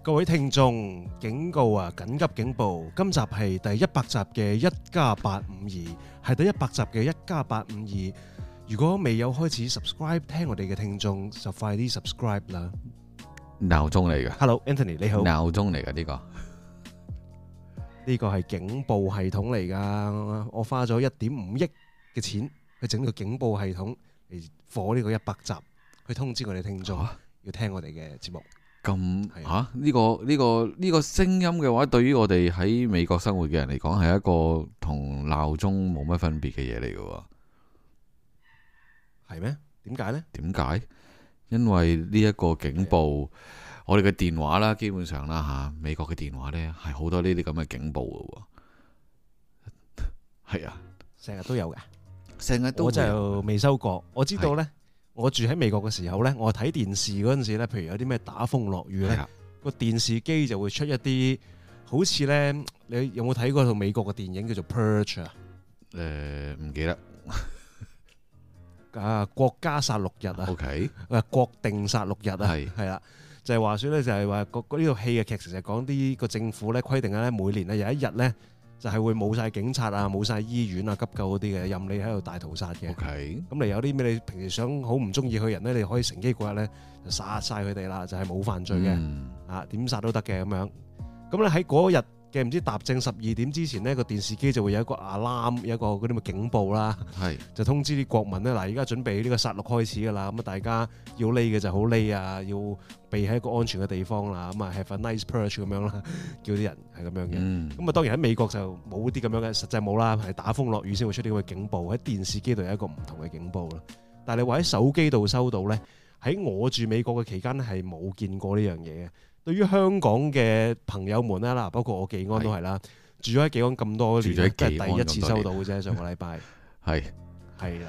各位聽眾，警告啊！緊急警報！今集係第一百集嘅一加八五二，係第一百集嘅一加八五二。如果未有開始 subscribe 聽我哋嘅聽眾，就快啲 subscribe 啦！鬧鐘嚟噶，Hello Anthony 你好。鬧鐘嚟噶呢個？呢個係警報系統嚟噶。我花咗一點五億嘅錢去整個警報系統嚟火呢個一百集，去通知我哋聽眾要聽我哋嘅節目。咁吓呢個呢、呢個呢、呢個聲音嘅話，對於我哋喺美國生活嘅人嚟講，係一個同鬧鐘冇乜分別嘅嘢嚟嘅。係咩？點解呢？點解？因為呢一個警報，的我哋嘅電話啦，基本上啦吓、啊，美國嘅電話呢，係好多呢啲咁嘅警報嘅。係 啊的，成日都有嘅，成日都有，我就未收過。我知道呢。我住喺美國嘅時候咧，我睇電視嗰陣時咧，譬如有啲咩打風落雨咧，個的電視機就會出一啲好似咧，你有冇睇過套美國嘅電影叫做、呃《Purge》 啊？誒，唔記得啊，《國家殺六日》啊，OK，誒，《國定殺六日》啊，係係啦，就係、是、話説咧，就係話呢套戲嘅劇情就講啲個政府咧規定咧，每年咧有一日咧。就係會冇晒警察啊，冇晒醫院啊，急救嗰啲嘅，任你喺度大屠殺嘅。咁 Okay。你有啲咩？你平時想好唔中意去人咧，你可以乘機嗰日咧就殺晒佢哋啦，就係冇犯罪嘅，mm。啊點殺都得嘅咁樣。咁咧喺嗰日。嘅唔知搭正十二點之前呢個電視機就會有一個 alarm，有一個嗰啲咪警報啦，係是就通知啲國民咧，嗱，而家準備呢個殺戮開始噶啦，咁啊大家要匿嘅就好匿 a 啊，要避喺一個安全嘅地方啦，咁啊 have a nice perch 咁樣啦，叫啲人係咁樣嘅，咁啊、嗯、當然喺美國就冇啲咁樣嘅，實際冇啦，係打風落雨先會出啲咁嘅警報，喺電視機度有一個唔同嘅警報啦，但係你話喺手機度收到咧，喺我住美國嘅期間咧係冇見過呢樣嘢嘅。對於香港嘅朋友們咧，嗱，包括我幾安都係啦，的住咗喺幾安咁多年，真係第一次收到嘅啫年，上個禮拜，係係啦。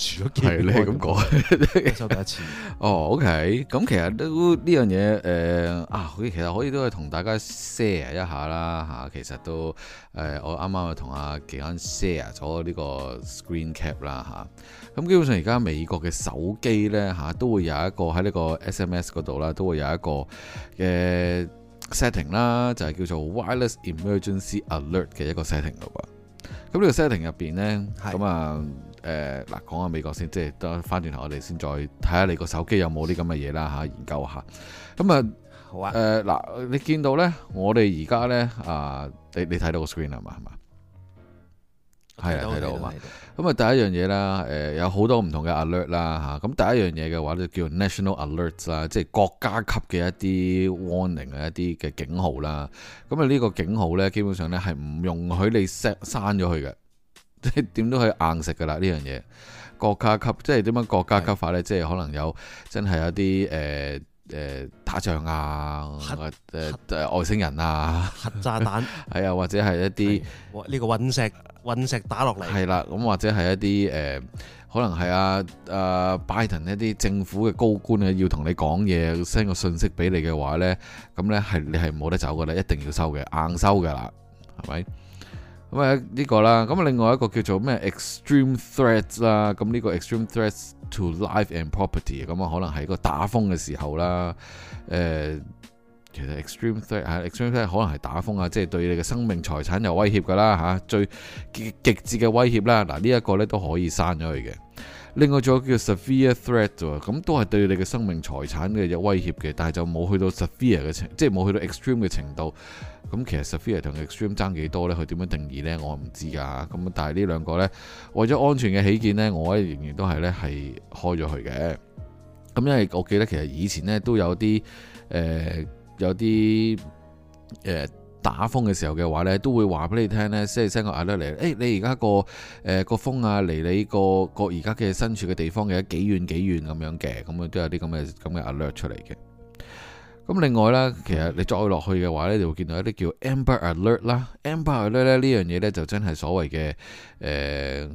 係你咁講，收第一次哦、oh，OK，咁其實都呢樣嘢，誒、呃、啊，可以其實可以都係同大家 share 一下啦，嚇、啊，其實都誒、呃，我啱啱啊同阿幾安 share 咗呢個 screen cap 啦、啊、嚇。咁基本上而家美國嘅手機咧，嚇都會有一個喺呢個 SMS 嗰度啦，都會有一個嘅 setting 啦，就係、是、叫做 Wireless Emergency Alert 嘅一個 setting 嘅喎。咁呢個 setting 入邊咧，咁的啊～誒，嗱、呃，講下美國先，即係得翻轉頭看看有有，我哋先再睇下你個手機有冇啲咁嘅嘢啦，吓，研究下。咁、嗯、啊，好啊。誒、呃，嗱，你見到咧，我哋而家咧啊，你你睇到個 screen 係嘛係嘛？係啊睇到咁啊，第一樣嘢啦，誒、呃，有好多唔同嘅 alert 啦、啊、吓。咁第一樣嘢嘅話咧，就叫做 national alert 啦，即係國家級嘅一啲 warning 啊，一啲嘅警號啦。咁啊，呢個警號咧，基本上咧係唔容許你刪刪咗佢嘅。即係點都可以硬食噶啦，呢樣嘢，國家級即係點樣國家級法呢？的即係可能有真係有啲誒誒打仗啊核、呃，外星人啊，核， 核炸彈係啊，或者係一啲呢個隕石隕石打落嚟係啦，咁或者係一啲誒、呃、可能係啊，阿拜登一啲政府嘅高官啊，要同你講嘢 send 個訊息俾你嘅話呢，咁呢，係你係冇得走噶啦，一定要收嘅硬收噶啦，係咪？咁啊呢個啦，咁啊另外一個叫做咩 extreme threats 啦，咁呢個 extreme threats to life and property，咁啊可能係一個打風嘅時候啦，誒、呃、其實 extreme threat 啊 extreme threat 可能係打風啊，即、就、係、是、對你嘅生命財產有威脅噶啦嚇，最極極致嘅威脅啦，嗱呢一個咧都可以刪咗佢嘅。另外仲有叫 severe threat 喎，咁都係對你嘅生命財產嘅有威脅嘅，但係就冇去到 severe 嘅程，即係冇去到 extreme 嘅程度。咁其實 severe 同 extreme 爭幾多咧？佢點樣定義咧？我唔知㗎。咁但係呢兩個咧，為咗安全嘅起見咧，我仍然都係咧係開咗佢嘅。咁因為我記得其實以前咧都有啲誒、呃、有啲誒。呃打風嘅時候嘅話呢，都會話俾你聽呢，即係 send 個 alert 嚟。誒、欸，你而家個誒、呃、個風啊，離你個個而家嘅身處嘅地方嘅幾遠幾遠咁樣嘅，咁啊都有啲咁嘅咁嘅 alert 出嚟嘅。咁另外呢，其實你再落去嘅話呢，就會見到一啲叫 Amber Alert 啦，Amber Alert 呢，呢樣嘢呢，就真係所謂嘅誒。呃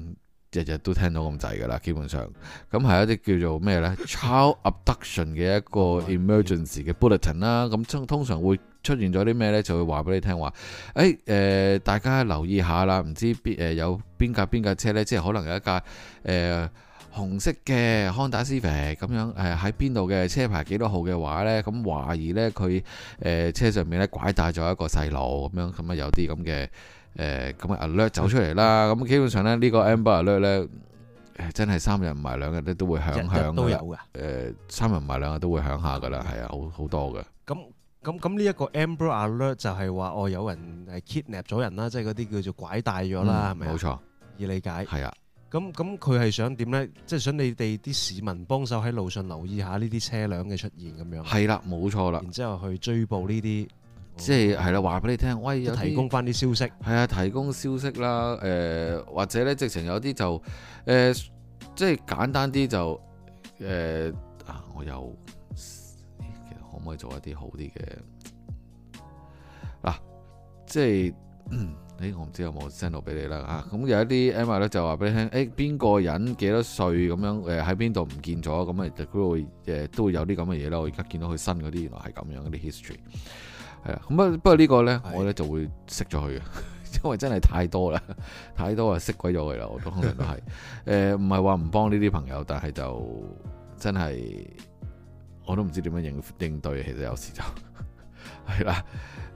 日日都聽到咁滯㗎啦，基本上，咁係一啲叫做咩呢？child abduction 嘅一個 emergency 嘅 bulletin 啦，咁通常會出現咗啲咩呢？就會話俾你聽話，誒、哎、誒、呃，大家留意下啦，唔知邊誒、呃、有邊架邊架車呢？即係可能有一架誒、呃、紅色嘅 Honda Civic 咁樣誒喺邊度嘅車牌幾多號嘅話呢？咁、嗯、懷疑呢，佢誒、呃、車上面呢，拐帶咗一個細路咁樣，咁啊有啲咁嘅。誒咁啊、呃那個、Alert 走出嚟啦！咁基本上咧，這個、呢個 amber alert 咧，誒真係三日唔係兩日咧都會響響都有噶。誒、呃、三日唔埋兩日啦，都會響下噶啦，係啊、嗯，好好多噶。咁咁咁呢一個 amber alert 就係話哦，有人誒 Kidnap 咗人啦，即係嗰啲叫做拐帶咗啦，係咪冇錯，易理解。係啊的，咁咁佢係想點咧？即、就、係、是、想你哋啲市民幫手喺路上留意下呢啲車輛嘅出現咁樣。係啦的，冇錯啦。然之後去追捕呢啲。的即係係啦，話俾你聽，喂，有提供翻啲消息係啊，提供消息啦。誒、呃，或者咧，直情有啲就誒，即係簡單啲就誒啊、呃，我又其實可唔可以做一啲好啲嘅嗱？即係誒，我唔知有冇 send 到俾你啦吓。咁、啊、有一啲 email 咧，Emma，就話俾你聽，誒、欸，邊個人幾多歲咁樣？誒、呃，喺邊度唔見咗咁啊？佢會誒，都會有啲咁嘅嘢啦。我而家見到佢新嗰啲，原來係咁樣啲 history。係啊，咁啊，不過呢個咧，我咧就會熄咗佢嘅，因為真係太多啦，太多啊，熄鬼咗佢啦，我都通常都係，誒，唔係話唔幫呢啲朋友，但係就真係，我都唔知點樣應應對，其實有時就係啦，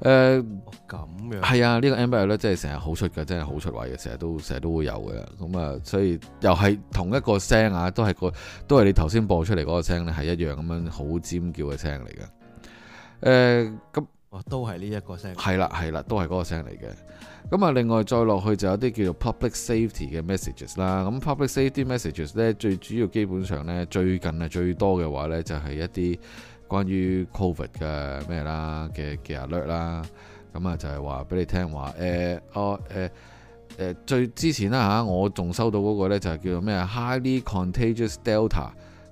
誒，咁樣，係啊，呢個 amber 咧，真係成日好出嘅，真係好出位嘅，成日都成日都會有嘅，咁啊，所以又係同一個聲啊，都係個，都係你頭先播出嚟嗰個聲咧，係一樣咁樣好尖叫嘅聲嚟嘅，誒，咁。都係呢一個聲，係啦係啦，都係個聲嚟嘅。咁啊，另外再落去就有啲叫做 public safety 嘅 messages 啦。咁 public safety messages 呢，最主要基本上呢，最近啊最多嘅話呢，就係、是、一啲關於 COVID 嘅咩啦嘅嘅 alert 啦。咁啊，就係話俾你聽話，誒、呃，哦，誒、呃，誒、呃，最之前啦、啊、吓，我仲收到嗰個呢，就係叫做咩 highly contagious Delta。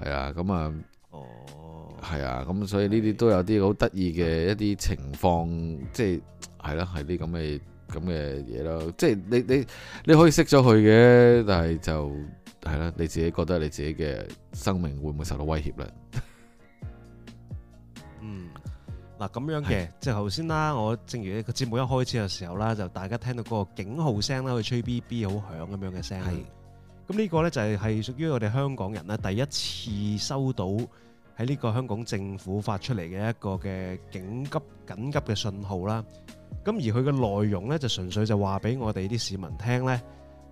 係啊，咁啊，哦，係啊，咁所以呢啲都有啲好得意嘅一啲情況，即係係啦，係啲咁嘅咁嘅嘢咯。即係你你你可以識咗佢嘅，但係就係啦、啊，你自己覺得你自己嘅生命會唔會受到威脅咧？ 嗯，嗱、啊、咁樣嘅，啊、即係頭先啦，我正如個節目一開始嘅時候啦，就大家聽到嗰個警號聲啦，去吹 B B 好響咁樣嘅聲。呢個呢，就係係屬於我哋香港人呢第一次收到喺呢個香港政府發出嚟嘅一個嘅緊急緊急嘅信號啦。咁而佢嘅內容呢，就純粹就話俾我哋啲市民聽呢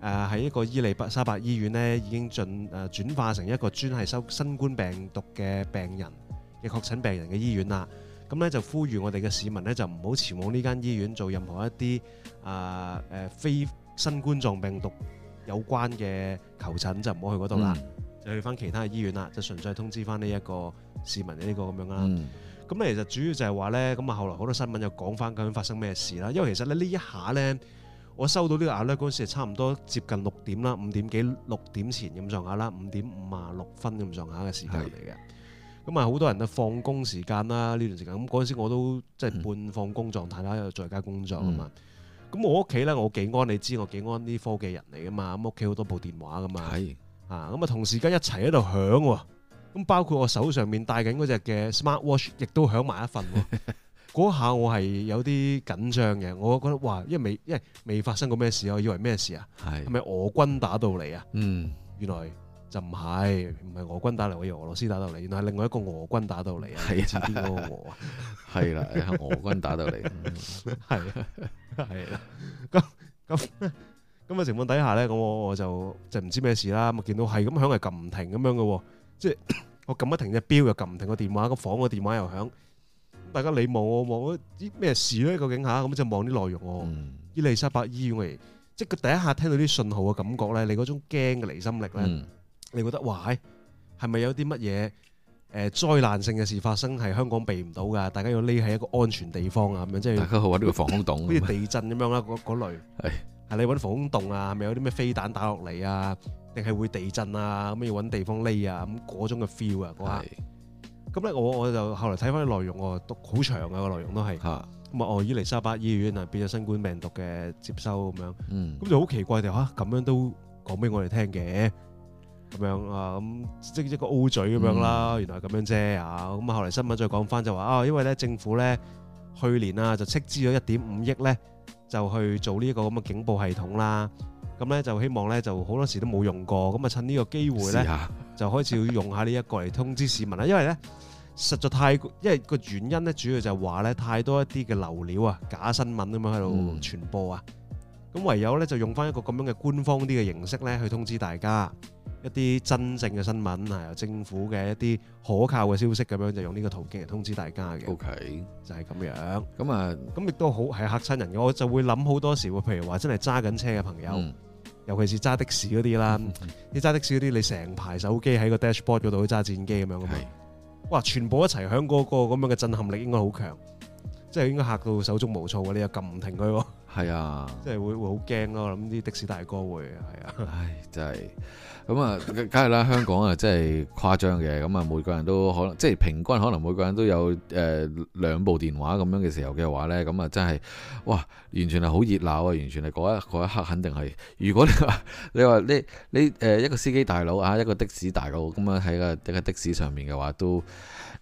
誒喺一個伊利沙伯醫院呢，已經進誒轉化成一個專係收新冠病毒嘅病人嘅確診病人嘅醫院啦。咁、嗯、呢，就呼籲我哋嘅市民呢，就唔好前往呢間醫院做任何一啲啊誒非新冠狀病毒有關嘅求診就唔好去嗰度啦，嗯、就去翻其他嘅醫院啦，就純粹通知翻呢一個市民呢個咁樣啦。咁咧、嗯、其實主要就係話咧，咁啊後來好多新聞又講翻究竟發生咩事啦。因為其實咧呢一下咧，我收到呢個 alert 嗰陣時，差唔多接近六點啦，五點幾六點前咁上下啦，五點五啊六分咁上下嘅時間嚟嘅。咁啊好多人都放工時間啦，呢段時間咁嗰陣時我都即係半放工狀態啦，又、嗯、在家工作啊嘛。嗯咁我屋企咧，我幾安，你知我幾安啲科技人嚟噶嘛？咁屋企好多部電話噶嘛，是啊、咁、嗯、啊同時間一齊喺度響喎，咁包括我手上面戴緊嗰隻嘅 Smart Watch，亦都響埋一份。嗰 下我係有啲緊張嘅，我覺得哇，因為未因為未發生過咩事，事啊，我以為咩事啊？係咪俄軍打到嚟啊？嗯，原來。就唔係唔係俄軍打嚟，我以為俄羅斯打到嚟，原來係另外一個俄軍打到嚟啊！係前邊嗰個俄啊，係啦，係俄軍打到嚟，係啊，係啦。咁咁咁嘅情況底下咧，咁我我就就唔知咩事啦。咪見到係咁響，嚟撳唔停咁樣嘅喎。即係我撳一停隻錶又撳唔停個電話，個房個電話又響。大家你望我望，啲咩事咧？究竟下咁就望啲內容喎。伊麗莎白醫院嚟，即係佢第一下聽到啲信號嘅感覺咧，你嗰種驚嘅離心力咧。你覺得哇？哎，係咪有啲乜嘢？誒，災難性嘅事發生係香港避唔到噶？大家要匿喺一個安全地方啊？咁樣即係大家好揾啲防空洞，好似地震咁樣啦，嗰嗰類係係你揾防空洞啊？係咪有啲咩飛彈打落嚟啊？定係會地震啊？咁要揾地方匿啊？咁嗰種嘅 feel 啊，嗰下咁咧，我我就後來睇翻啲內容，我都好長啊。個內容都係咁啊。哦，伊利沙伯醫院啊，變咗新冠病毒嘅接收咁樣，咁就好奇怪嘅吓，咁樣都講俾我哋聽嘅。咁樣、呃、嗯、咁樣啊，咁即一個 O 嘴咁樣啦。原來係咁樣啫啊。咁後嚟新聞再講翻就話啊、哦，因為咧政府咧去年啊就斥資咗一點五億咧，就去做呢個咁嘅警報系統啦。咁咧就希望咧就好多時都冇用過，咁啊趁呢個機會咧嘗就開始要用下呢一個嚟通知市民啦。嘗嘗因為咧實在太，因為個原因咧主要就係話咧太多一啲嘅流料啊、假新聞咁樣喺度傳播啊。咁、嗯、唯有咧就用翻一個咁樣嘅官方啲嘅形式咧去通知大家。一啲真正嘅新聞，係由政府嘅一啲可靠嘅消息咁樣就用呢個途徑嚟通知大家嘅。OK，就係咁樣。咁啊，咁亦都好係嚇親人嘅。我就會諗好多時會，譬如話真係揸緊車嘅朋友，尤其是揸的士嗰啲啦，你揸的士嗰啲，你成排手機喺個 dashboard 嗰度去揸戰機咁樣啊嘛。哇！全部一齊響嗰個咁樣嘅震撼力應該好強，即係應該嚇到手足無措嘅，你又撳唔停佢喎。係啊，即係會會好驚咯，諗啲的士大哥會係啊，唉真係，咁啊，梗係啦，香港啊真係誇張嘅，咁啊，每個人都可能即係平均可能每個人都有誒兩、呃、部電話咁樣嘅時候嘅話呢。咁啊真係，哇，完全係好熱鬧啊，完全係嗰一一刻肯定係，如果你話你話你你誒一個司機大佬啊，一個的士大佬咁樣喺個一個的士上面嘅話，都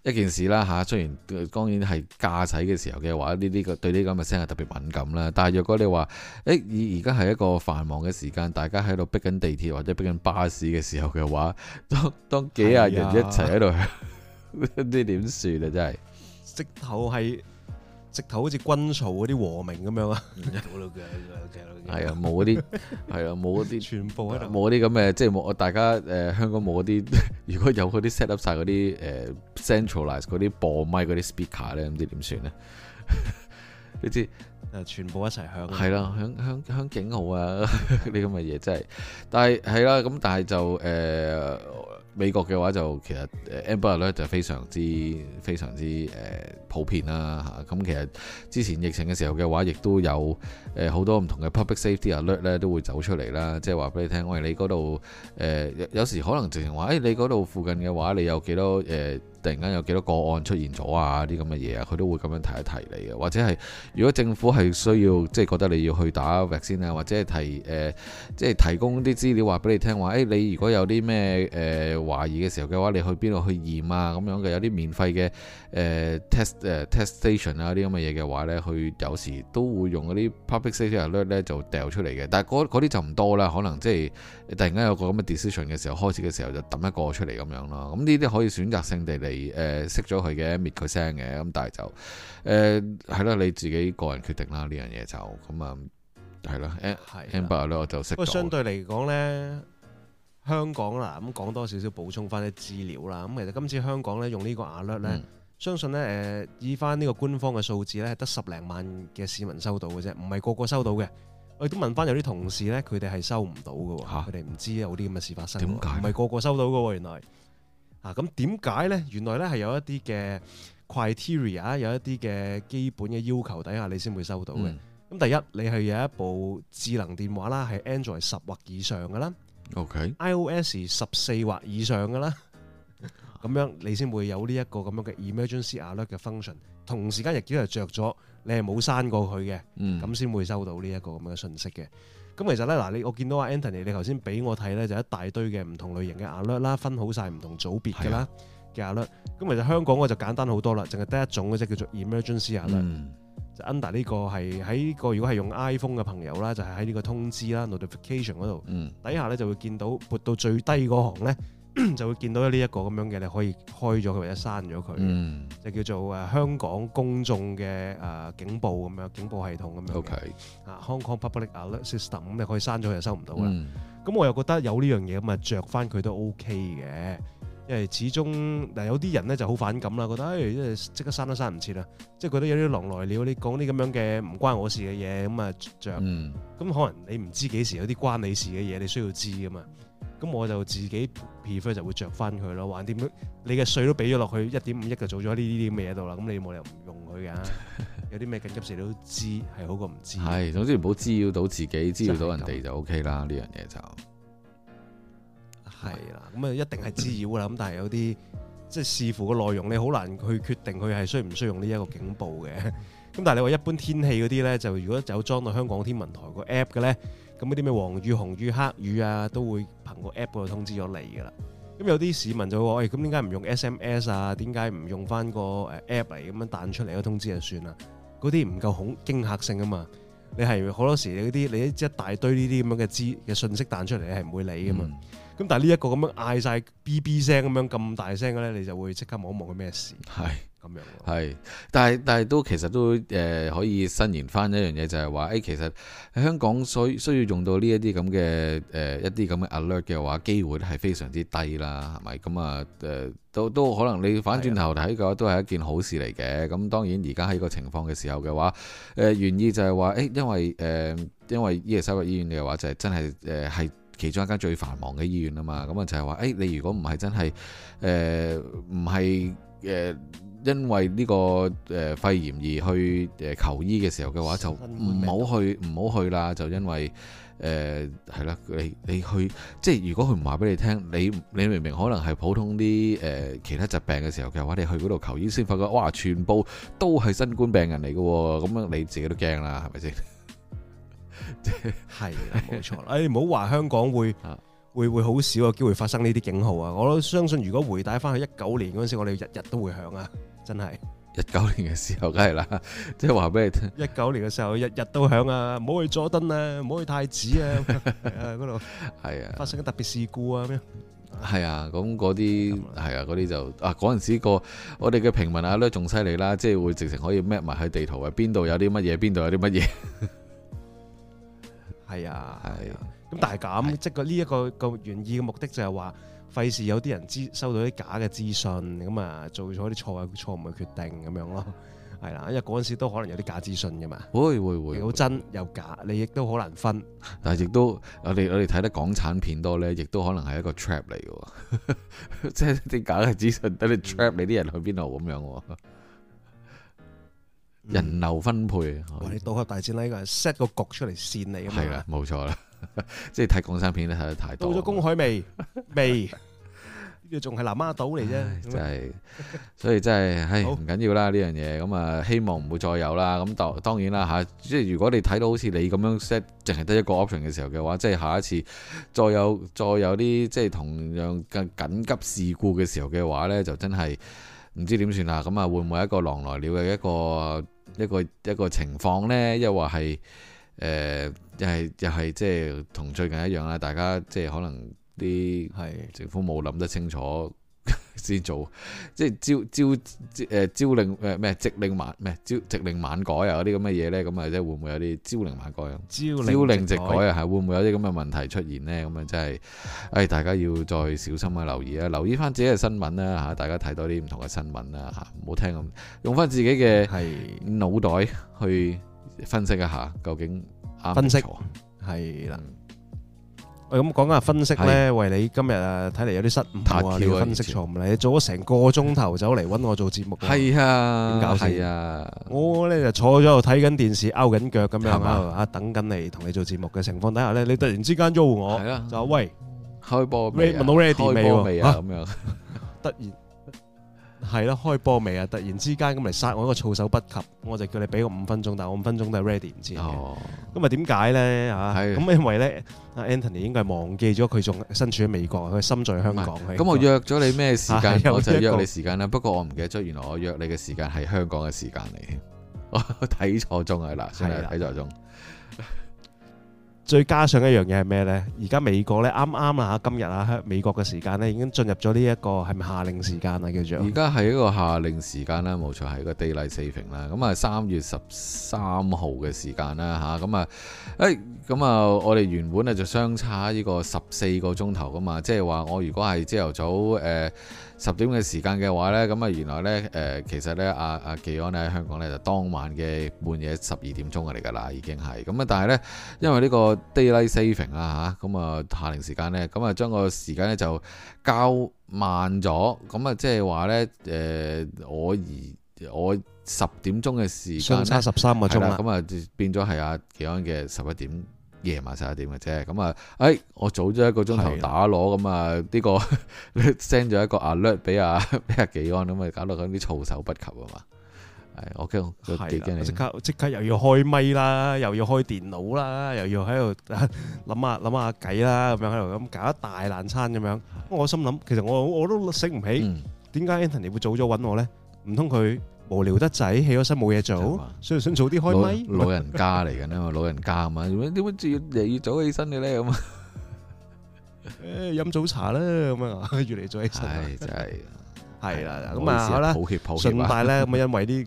一件事啦、啊、吓，雖然當然係駕駛嘅時候嘅話，呢、這、啲個對呢咁嘅聲係特別敏感啦，但係。如果你話誒而而家係一個繁忙嘅時間，大家喺度逼緊地鐵或者逼緊巴士嘅時候嘅話，當當幾廿人一齊喺度，唔知點算啊！真係直頭係直頭好似軍曹嗰啲和明咁樣啊！係 啊，冇嗰啲係啊，冇嗰啲全部喺度冇嗰啲咁嘅，即係大家誒、呃、香港冇嗰啲，如果有嗰啲 set up 晒嗰啲誒 centralized 嗰啲播咪嗰啲 speaker 咧，唔知點算咧？你知，誒全部一齊響啊！係啦，響響響警號啊！呢啲咁嘅嘢真係，但係係啦，咁但係就誒、呃、美國嘅話就其實 amber 咧就非常之非常之誒、呃、普遍啦、啊、嚇。咁、啊、其實之前疫情嘅時候嘅話，亦都有誒好、呃、多唔同嘅 public safety alert 咧都會走出嚟啦，即係話俾你聽，喂你嗰度誒有時可能直情話，誒、哎、你嗰度附近嘅話，你有幾多誒？呃突然間有幾多個案出現咗啊！啲咁嘅嘢啊，佢都會咁樣提一提你嘅，或者係如果政府係需要即係覺得你要去打疫苗啊，或者係提誒、呃、即係提供啲資料話俾你聽話，誒、欸、你如果有啲咩誒懷疑嘅時候嘅話，你去邊度去驗啊，咁樣嘅有啲免費嘅誒、呃、test 誒、呃、test station 啊啲咁嘅嘢嘅話呢，佢有時都會用嗰啲 public safety alert 呢就掉出嚟嘅，但係嗰啲就唔多啦，可能即、就、係、是、突然間有個咁嘅 decision 嘅時候，開始嘅時候就揼一個出嚟咁樣咯。咁呢啲可以選擇性地嚟誒，識咗佢嘅，滅佢聲嘅，咁但係就誒係咯，你自己個人決定啦，呢樣嘢就咁啊，係咯誒，係 amber 咧，我就識。不過相對嚟講咧，香港啦，咁講多少少補充翻啲資料啦。咁其實今次香港咧用呢個 alert 咧，相信咧誒，依翻呢個官方嘅數字咧，得十零萬嘅市民收到嘅啫，唔係個個收到嘅。我亦都問翻有啲同事咧，佢哋係收唔到嘅，佢哋唔知有啲咁嘅事發生。點解？唔係個個收到嘅，原來。啊，咁點解咧？原來咧係有一啲嘅 criteria，有一啲嘅基本嘅要求底下，你先會收到嘅。咁第一，你係有一部智能電話啦，係 Android 十或以上㗎啦，OK，iOS 十四或以上㗎啦，咁樣你先會有呢一個咁樣嘅 emergency alert 嘅 function。同時間亦都要係著咗，你係冇刪過佢嘅，咁先會收到呢一個咁樣嘅訊息嘅。咁其實咧，嗱你我見到阿 Anthony，你頭先俾我睇咧，就是、一大堆嘅唔同類型嘅 alert 啦，分好晒唔同組別嘅啦嘅 alert。咁其實香港我就簡單好多啦，淨係得一種嘅啫，叫做 emergency alert、嗯。就 under 呢個係喺呢個，如果係用 iPhone 嘅朋友啦，就係喺呢個通知啦 notification 嗰度、嗯、底下咧就會見到撥到最低嗰行咧。就會見到呢、這、一個咁樣嘅，你可以開咗佢或者刪咗佢，嗯、就叫做誒香港公眾嘅誒警報咁樣，警報系統咁樣。O K。啊，Hong Kong Public Alert System 咁，你可以刪咗佢就收唔到啦。咁、嗯、我又覺得有呢樣嘢咁啊，着返佢都 O K 嘅，因為始終嗱有啲人咧就好反感啦，覺得誒、哎、即刻刪都刪唔切啊，即係覺得有啲狼來了，你講啲咁樣嘅唔關我事嘅嘢咁啊着。咁、嗯、可能你唔知幾時有啲關你事嘅嘢你需要知噶嘛。咁我就自己 prefer 就會着翻佢咯。話點樣？你嘅稅都俾咗落去一點五億就做咗呢啲啲咩嘢度啦。咁你冇理由唔用佢㗎。 有啲咩緊急事你都知，係好過唔知。係 總之唔好滋擾到自己，滋擾到人哋就 OK 啦。呢樣嘢就係啦。咁啊，一定係滋擾啦。咁 但係有啲即係視乎個內容，你好難去決定佢係需唔需要用呢一個警報嘅。咁 但係你話一般天氣嗰啲咧，就如果有裝到香港天文台個 app 嘅咧，咁嗰啲咩黃雨、紅雨、黑雨啊，都會。憑個 app 嗰度通知咗你噶啦，咁、嗯、有啲市民就話，喂、哎，咁點解唔用 SMS 啊？點解唔用翻個誒 app 嚟，咁樣彈出嚟個通知就算啦？嗰啲唔夠恐驚吓性啊嘛，你係好多時你啲你一一大堆呢啲咁樣嘅資嘅信息彈出嚟，你係唔會理噶嘛。咁、嗯、但係呢一個咁樣嗌晒 bb 聲咁樣咁大聲嘅咧，你就會即刻望一望佢咩事。係。咁樣喎，係，但係但係都其實都誒、呃、可以申言翻一樣嘢，就係、是、話，誒、欸、其實香港需需要用到呢、呃、一啲咁嘅誒一啲咁嘅 alert 嘅話，機會係非常之低啦，係咪？咁啊誒，都都可能你反轉頭睇嘅話都係一件好事嚟嘅。咁、嗯、當然而家喺個情況嘅時候嘅話，誒、呃、原意就係、欸呃、話，誒因為誒因為伊麗莎白醫院嘅話就係、是、真係誒係其中一間最繁忙嘅醫院啊嘛。咁、嗯、啊就係、是、話，誒、欸、你如果唔係真係誒唔係誒。呃因為呢個誒肺炎而去誒求醫嘅時候嘅話，就唔好去唔好去啦。就因為誒係啦，你你去即係如果佢唔話俾你聽，你你明明可能係普通啲誒、呃、其他疾病嘅時候嘅話，你去嗰度求醫先發覺，哇，全部都係新冠病人嚟嘅，咁樣你自己都驚啦，係咪先？係冇錯，誒，唔好話香港會、啊、會會好少個機會發生呢啲警號啊！我都相信，如果回帶翻去一九年嗰陣時，我哋日日都會響啊！真係一九年嘅時候，梗係啦，即係話俾你聽。一九年嘅時候，日日都響啊，唔好去佐敦啊，唔好去太子啊，嗰度係啊，發生緊特別事故啊，咩？係啊，咁嗰啲係啊，嗰啲就啊，嗰陣時個我哋嘅平民啊，咧仲犀利啦，即係會直情可以 mark 埋喺地圖，邊度有啲乜嘢，邊度有啲乜嘢。係啊，係啊，咁但係咁，即係呢一個個原意嘅目的就係話。費事有啲人知收到啲假嘅資訊，咁啊做咗啲錯誤錯誤嘅決定咁樣咯，係啦，因為嗰陣時都可能有啲假資訊噶嘛，會會會，有真有假，你亦都好難分。但係亦都、嗯、我哋我哋睇得港產片多咧，亦都可能係一個 trap 嚟嘅，即係啲假嘅資訊等你 trap 你啲人去邊度咁樣。嗯、人流分配，嗯、你《到客大戰》呢、這個係 set 個局出嚟線你。咁樣？係啦，冇錯啦。 即係睇港產片都睇得太多，到咗公海未？未，你仲係南丫島嚟啫，真係，所以真係，唉，唔緊要啦呢樣嘢。咁啊，希望唔會再有啦。咁當當然啦吓、啊，即係如果你睇到好似你咁樣 set，淨係得一個 option 嘅時候嘅話，即係下一次再有再有啲即係同樣嘅緊急事故嘅時候嘅話呢，就真係唔知點算啦。咁啊，會唔會一個狼來了嘅一個一個一個，一個情況呢？又或係？誒又係又係即係同最近一樣啦，大家即係可能啲政府冇諗得清楚先做，即係朝朝誒朝令誒咩直令晚咩朝直令晚改啊嗰啲咁嘅嘢呢，咁啊即係會唔會有啲朝令晚改啊？朝令直改啊，係會唔會有啲咁嘅問題出現呢？咁啊真係誒，大家要再小心啊，留意啊，留意翻自己嘅新聞啦嚇，大家睇多啲唔同嘅新聞啦嚇，唔好聽咁用翻自己嘅腦袋去，分析一下究竟分析係啦，喂，咁講緊係分析咧，喂，你今日誒睇嚟，有啲失誤啊，你分析錯誤嚟，你做咗成個鐘頭走嚟搵我做節目，係啊，點搞笑啊！我咧就坐咗喺度睇緊電視，勾緊腳咁樣啊，等緊你同你做節目嘅情況底下咧，你突然之間喐我，係啦，就話喂開播，問到 ready 未啊？咁樣突然。係咯，開波未啊？突然之間咁嚟殺我，一個措手不及，我就叫你俾我五分鐘，但係我五分鐘都係 ready 唔知哦，咁咪點解咧嚇？咁的因為咧，阿 Anthony 應該係忘記咗佢仲身處喺美國，佢心在香港。咁是我約咗你咩時間？的我就約你時間啦。麼不過我唔記得咗，原來我約你嘅時間係香港嘅時間嚟。我睇錯鐘啊！嗱，係睇的錯鐘。再加上一樣嘢係咩呢？而家美國呢，啱啱啊今日啊美國嘅時間呢，已經進入咗呢一個係咪夏令時間啊叫做？而家係一個夏令時間啦，冇錯係個 daylight saving 啦。咁啊三月十三號嘅時間啦吓，咁啊誒咁啊我哋原本呢就相差呢個十四個鐘頭噶嘛，即係話我如果係朝頭早誒。呃十點嘅時間嘅話呢，咁啊原來呢，誒、呃，其實呢，阿阿紀安呢喺香港呢，就當晚嘅半夜十二點鐘嚟㗎啦，已經係咁啊。但係呢，因為呢個 daylight saving 啊，嚇、啊，咁啊夏令時間呢，咁啊將個時、啊就是呃、時間呢就較慢咗，咁啊即係話呢，誒，我而我十點鐘嘅時間相差十三個鐘，咁啊變咗係阿紀安嘅十一點。夜晚十一點嘅啫，咁、嗯、啊，誒、哎，我早咗一個鐘頭打攞，咁啊的，呢、這個 send 咗一個 alert 俾阿咩幾安，咁啊，搞到緊啲措手不及啊嘛，係，OK，係，哎、我我我我即刻即刻又要開咪啦，又要開電腦啦，又要喺度諗下諗下計啦，咁樣喺度咁搞一大難餐咁樣，我心諗其實我我都醒唔起點解、嗯、Anthony 會早咗揾我咧，唔通佢？無聊得仔，起咗身冇嘢做，所以想早啲開咪。老人家嚟噶啦嘛，老人家咁啊，點解越嚟越早起身嘅咧？咁啊，飲早茶啦，咁啊，越嚟早起身。係真係，係啦，咁啊好啦，順帶咧咁啊，因為啲。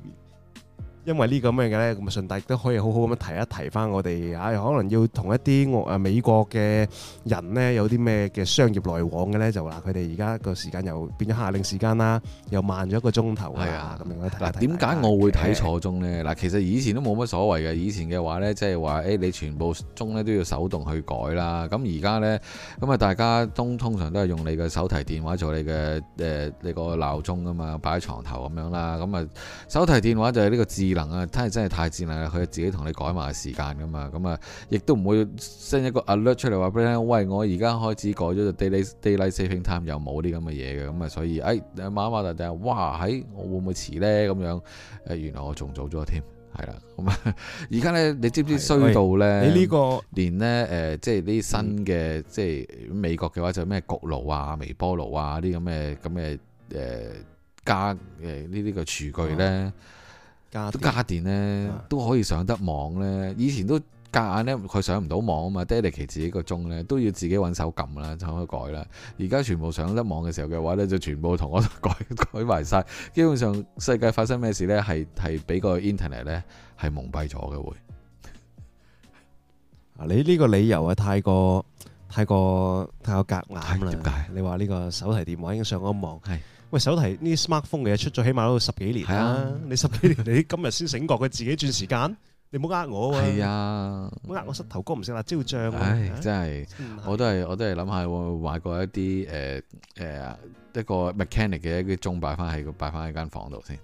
因為呢個咩嘅咧，咁啊順帶都可以好好咁樣提一提翻我哋，唉，可能要同一啲誒美國嘅人呢，有啲咩嘅商業來往嘅咧，就嗱，佢哋而家個時間又變咗夏令時間啦，又慢咗一個鐘頭啊，咁樣睇點解我會睇錯鐘呢？嗱，其實以前都冇乜所謂嘅，以前嘅話咧，即係話，誒你全部鐘咧都要手動去改啦。咁而家咧，咁啊大家都通常都係用你嘅手提電話做你嘅誒你個鬧鐘啊嘛，擺喺床頭咁樣啦。咁啊手提電話就係呢個自智能啊，真係真係太智能啦！佢自己同你改埋時間噶嘛，咁啊，亦都唔會 send 一個 alert 出嚟話俾你聽。喂，我而家開始改咗個 daylight daylight saving time，又冇啲咁嘅嘢嘅，咁啊，所以誒，馬一馬就哇，喺我會唔會遲呢？咁樣誒，原來我仲早咗添，係啦。咁啊，而家咧，你知唔知衰到咧？你呢、這個連呢，誒、呃，即係啲新嘅，即係美國嘅話就咩焗爐啊、微波爐啊啲咁嘅咁嘅誒加誒呢啲嘅廚具咧。啊家電，家電呢、嗯、都可以上得網呢？以前都隔硬呢，佢上唔到網啊嘛 d a i 自己個鐘呢都要自己揾手撳啦，就可以改啦。而家全部上得網嘅時候嘅話呢，就全部同我改改埋晒。基本上世界發生咩事呢？係係俾個 internet 呢，係蒙蔽咗嘅會。啊，你呢個理由啊，太過太過太過格硬。啦、哎。點解？你話呢個手提電話已經上咗網？係。喂，手提呢啲 smartphone 嘅嘢出咗，起碼都十幾年啦。你十幾年，你今日先醒覺佢自己轉時間，你唔好呃我喎。係啊，唔好呃我，膝頭哥唔食辣椒醬。唉，真係，我都係，我都係諗下，我買過一啲誒誒，一個 mechanic 嘅啲鐘擺翻喺，擺翻喺間房度先。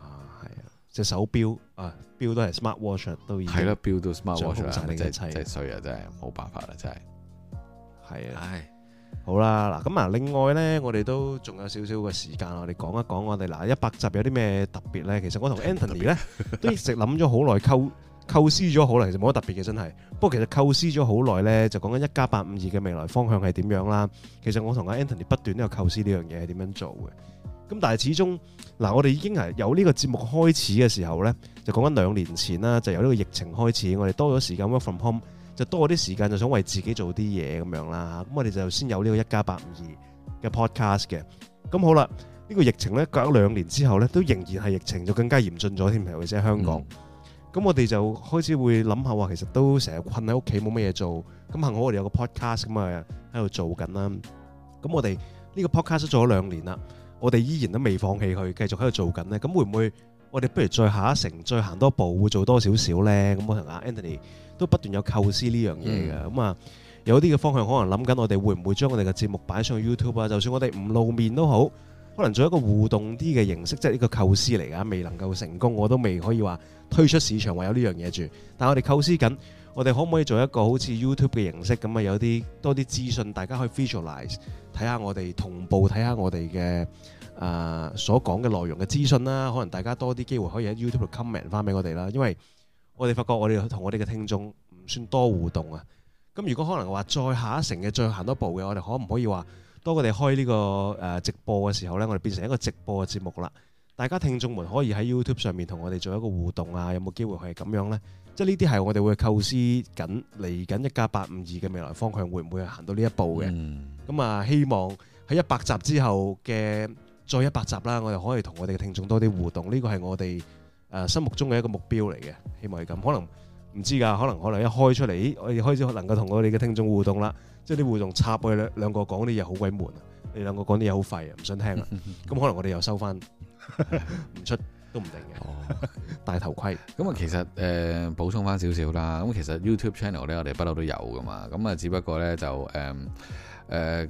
啊，係啊，隻手錶啊，錶都係 smartwatch 都係啦，錶都 smartwatch 真係衰啊，真係冇辦法啦，真係。係啊，好啦，嗱咁啊，另外呢，我哋都仲有少少嘅時間，我哋講一講我哋嗱一百集有啲咩特別呢？其實我同 Anthony 呢都一直諗咗好耐，構構思咗好耐，其實冇乜特別嘅，真係。不過其實構思咗好耐呢，就講緊一家八五二嘅未來方向係點樣啦。其實我同阿 Anthony 不斷都有構思呢樣嘢係點樣做嘅。咁但係始終嗱，我哋已經係由呢個節目開始嘅時候呢，就講緊兩年前啦，就由呢個疫情開始，我哋多咗時間 work from home。就多啲時間就想為自己做啲嘢咁樣啦，咁我哋就先有呢個一加八五二嘅 podcast 嘅。咁好啦，呢、呢個疫情咧，隔咗兩年之後咧，都仍然係疫情就更加嚴峻咗添，尤其是喺香港。咁、嗯、我哋就開始會諗下話，其實都成日困喺屋企冇乜嘢做。咁幸好我哋有個 podcast 咁啊喺度做緊啦。咁我哋呢個 podcast 做咗兩年啦，我哋依然都未放棄去繼續喺度做緊咧。咁會唔會我哋不如再下一城，再行多步，會做多少少咧？咁我同阿 Anthony，都不斷有構思呢樣嘢嘅，咁啊、嗯嗯、有啲嘅方向可能諗緊，我哋會唔會將我哋嘅節目擺上 YouTube 啊？就算我哋唔露面都好，可能做一個互動啲嘅形式，即係呢個構思嚟㗎，未能夠成功，我都未可以話推出市場話有呢樣嘢住。但係我哋構思緊，我哋可唔可以做一個好似 YouTube 嘅形式咁啊？有啲多啲資訊，大家可以 visualize 睇下我哋同步睇下我哋嘅啊所講嘅內容嘅資訊啦。可能大家多啲機會可以喺 YouTube 度 comment 翻俾我哋啦，因為。我哋發覺我哋同我哋嘅聽眾唔算多互動啊！咁如果可能話再下一城嘅，再行多一步嘅，我哋可唔可以話當佢哋開呢個誒直播嘅時候呢？我哋變成一個直播嘅節目啦！大家聽眾們可以喺 YouTube 上面同我哋做一個互動啊！有冇機會係咁樣呢？即係呢啲係我哋會構思緊嚟緊一家八五二嘅未來方向會唔會行到呢一步嘅？咁啊、嗯，希望喺一百集之後嘅再一百集啦，我哋可以同我哋嘅聽眾多啲互動。呢、這個係我哋。誒、啊、心目中嘅一個目標嚟嘅，希望係咁。可能唔知㗎，可能可能一開出嚟，我哋開始能夠同我哋嘅聽眾互動啦。即係啲互動插佢兩兩個講啲嘢好鬼悶啊，你兩個講啲嘢好廢啊，唔想聽啊。咁 可能我哋又收翻唔 出都唔定嘅。 戴頭盔。咁啊、呃，其實誒補充翻少少啦。咁其實 YouTube channel 咧，我哋不嬲都有㗎嘛。咁啊，只不過咧就誒誒、呃呃、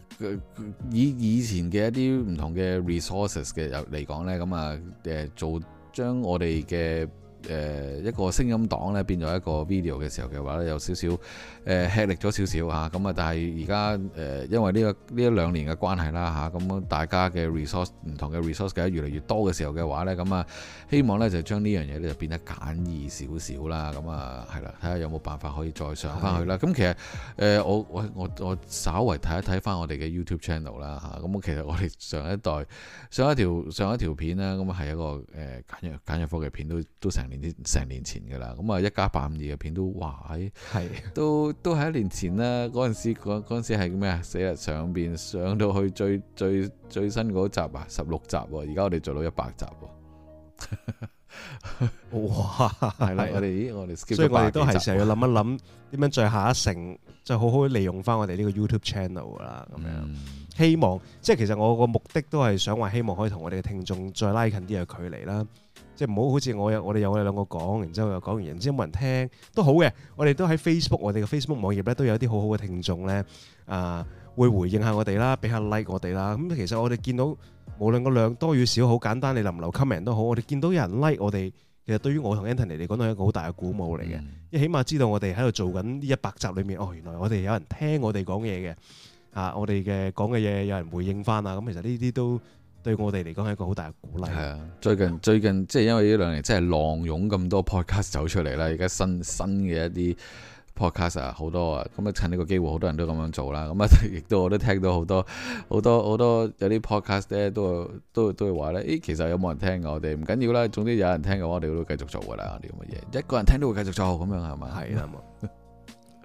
以以前嘅一啲唔同嘅 resources 嘅嚟講咧，咁啊誒做。將我哋嘅誒一個聲音檔咧變咗一個 video 嘅時候嘅話咧，有少少。誒吃力咗少少嚇，咁啊！但係而家誒，因為呢個呢一兩年嘅關係啦嚇，咁、啊、大家嘅 resource 唔同嘅 resource 嘅越嚟越多嘅時候嘅話呢，咁啊，希望呢就將呢樣嘢呢就變得簡易少少啦，咁啊係啦，睇下有冇辦法可以再上返去啦。咁的、啊、其實誒、呃，我我我我稍為睇一睇返我哋嘅 YouTube channel 啦嚇，咁、啊啊、其實我哋上一代上一條上一條片呢，咁、啊、係一個誒、呃、簡約簡約科技片，都都成年啲成年前噶啦，咁啊一家八五二嘅片都哇喺係都。都的 都係一年前啦，嗰陣時陣時係咩啊？死日上邊上到去最最最新嗰集啊，十六集，而家我哋做到一百集， 哇！係啦，我哋我哋，所以我哋都係成日要諗一諗，點樣再下一城，就好好利用翻我哋呢個 YouTube Channel 啦，咁樣、嗯、希望，即係其實我個目的都係想話，希望可以同我哋嘅聽眾再拉近啲嘅距離啦。即係唔好好似我有我哋有我哋兩個講，然之後又講完，然之後冇人聽都好嘅。我哋都喺 Facebook，我哋嘅 Facebook 網頁咧都有啲好好嘅聽眾咧，啊會回應下我哋啦，俾下 like 我哋啦。咁其實我哋見到無論個量多與少，好簡單，你留唔留 comment 都好。我哋見到有人 like 我哋，其實對於我同 Anthony 嚟講都係一個好大嘅鼓舞嚟嘅，因為起碼知道我哋喺度做緊呢一百集裡面，哦原來我哋有人聽我哋講嘢嘅，啊我哋嘅講嘅嘢有人回應返啊。咁其實呢啲都，對我哋嚟講係一個好大嘅鼓勵。係啊，最近最近即係因為呢兩年真係浪湧咁多 podcast 走出嚟啦，而家新新嘅一啲 podcast 啊好多啊，咁啊趁呢個機會好多人都咁樣做啦。咁啊，亦都我都聽到好多好多好多有啲 podcast 咧，都都都會話咧，誒、欸、其實有冇人聽我哋？唔緊要啦，總之有人聽嘅話，我哋都會繼續做㗎啦。啲咁嘅嘢，一個人聽都會繼續做，咁樣係咪？係啦，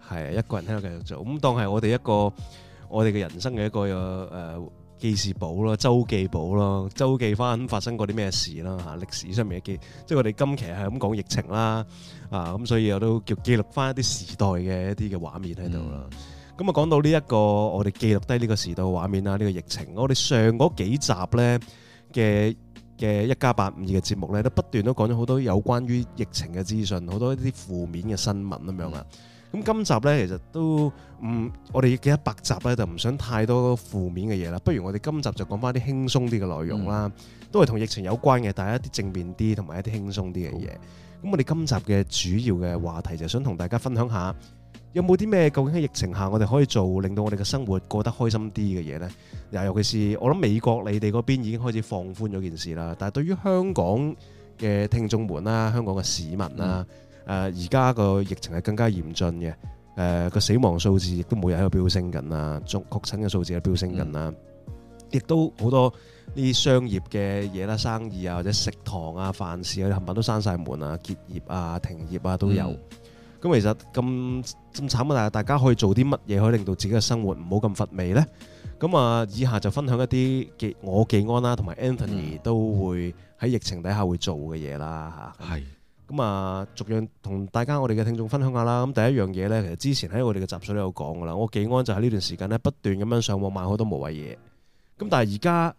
啊， 一個人聽都繼續做，咁當係我哋一個我哋嘅人生嘅一個誒。呃記事簿啦，周記簿啦，周記翻發生過啲咩事啦嚇，歷史上面嘅記，即係我哋今期係咁講疫情啦，啊咁所以我都叫記錄翻一啲時代嘅一啲嘅畫面喺度啦。咁啊、嗯、講到呢、這、一個我哋記錄低呢個時代嘅畫面啦。呢、這個疫情，我哋上嗰幾集呢嘅嘅一加八五二嘅節目呢，都不斷都講咗好多有關於疫情嘅資訊，好多一啲負面嘅新聞咁、嗯、樣啊。咁今集呢，其實都唔、嗯，我哋記得百集啦，就唔想太多負面嘅嘢啦。不如我哋今集就講翻啲輕鬆啲嘅內容啦，嗯、都係同疫情有關嘅，但係一啲正面啲同埋一啲輕鬆啲嘅嘢。咁、嗯、我哋今集嘅主要嘅話題就想同大家分享下，有冇啲咩？究竟喺疫情下，我哋可以做，令到我哋嘅生活過得開心啲嘅嘢呢？尤其是我諗美國你哋嗰邊已經開始放寬咗件事啦，但係對於香港嘅聽眾們啦、啊，香港嘅市民啦、啊。嗯誒而家個疫情係更加嚴峻嘅，誒、呃、個死亡數字亦都每日喺度飆升緊啊，中確診嘅數字又飆升緊啊，嗯、亦都好多呢啲商業嘅嘢啦、生意啊或者食堂啊、飯市啊，冚唪唥都閂晒門啊、結業啊、停業啊都有。咁、嗯、其實咁咁慘啊，大家可以做啲乜嘢可以令到自己嘅生活唔好咁乏味呢？咁啊，以下就分享一啲我嘅安啦，同埋 Anthony、嗯、都會喺疫情底下會做嘅嘢啦嚇。係、嗯。咁啊，逐、嗯、樣同大家我哋嘅聽眾分享下啦。咁第一樣嘢呢，其實之前喺我哋嘅集數都有講噶啦。我技安就喺呢段時間呢，不斷咁樣上網買好多無謂嘢。咁但係而家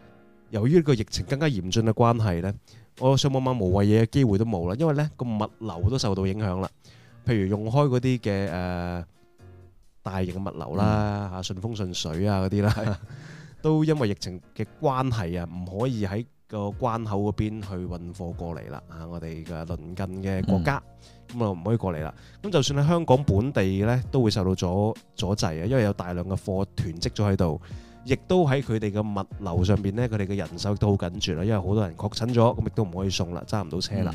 由於個疫情更加嚴峻嘅關係呢，我上網買無謂嘢嘅機會都冇啦。因為呢個物流都受到影響啦。譬如用開嗰啲嘅誒大型物流啦，嚇、嗯、順風順水啊嗰啲啦，是 都因為疫情嘅關係啊，唔可以喺，個關口嗰邊去運貨過嚟啦，啊，我哋嘅鄰近嘅國家咁啊唔可以過嚟啦。咁就算喺香港本地咧，都會受到阻阻滯啊，因為有大量嘅貨囤積咗喺度，亦都喺佢哋嘅物流上面咧，佢哋嘅人手都好緊絀啦，因為好多人確診咗，咁亦都唔可以送啦，揸唔到車啦，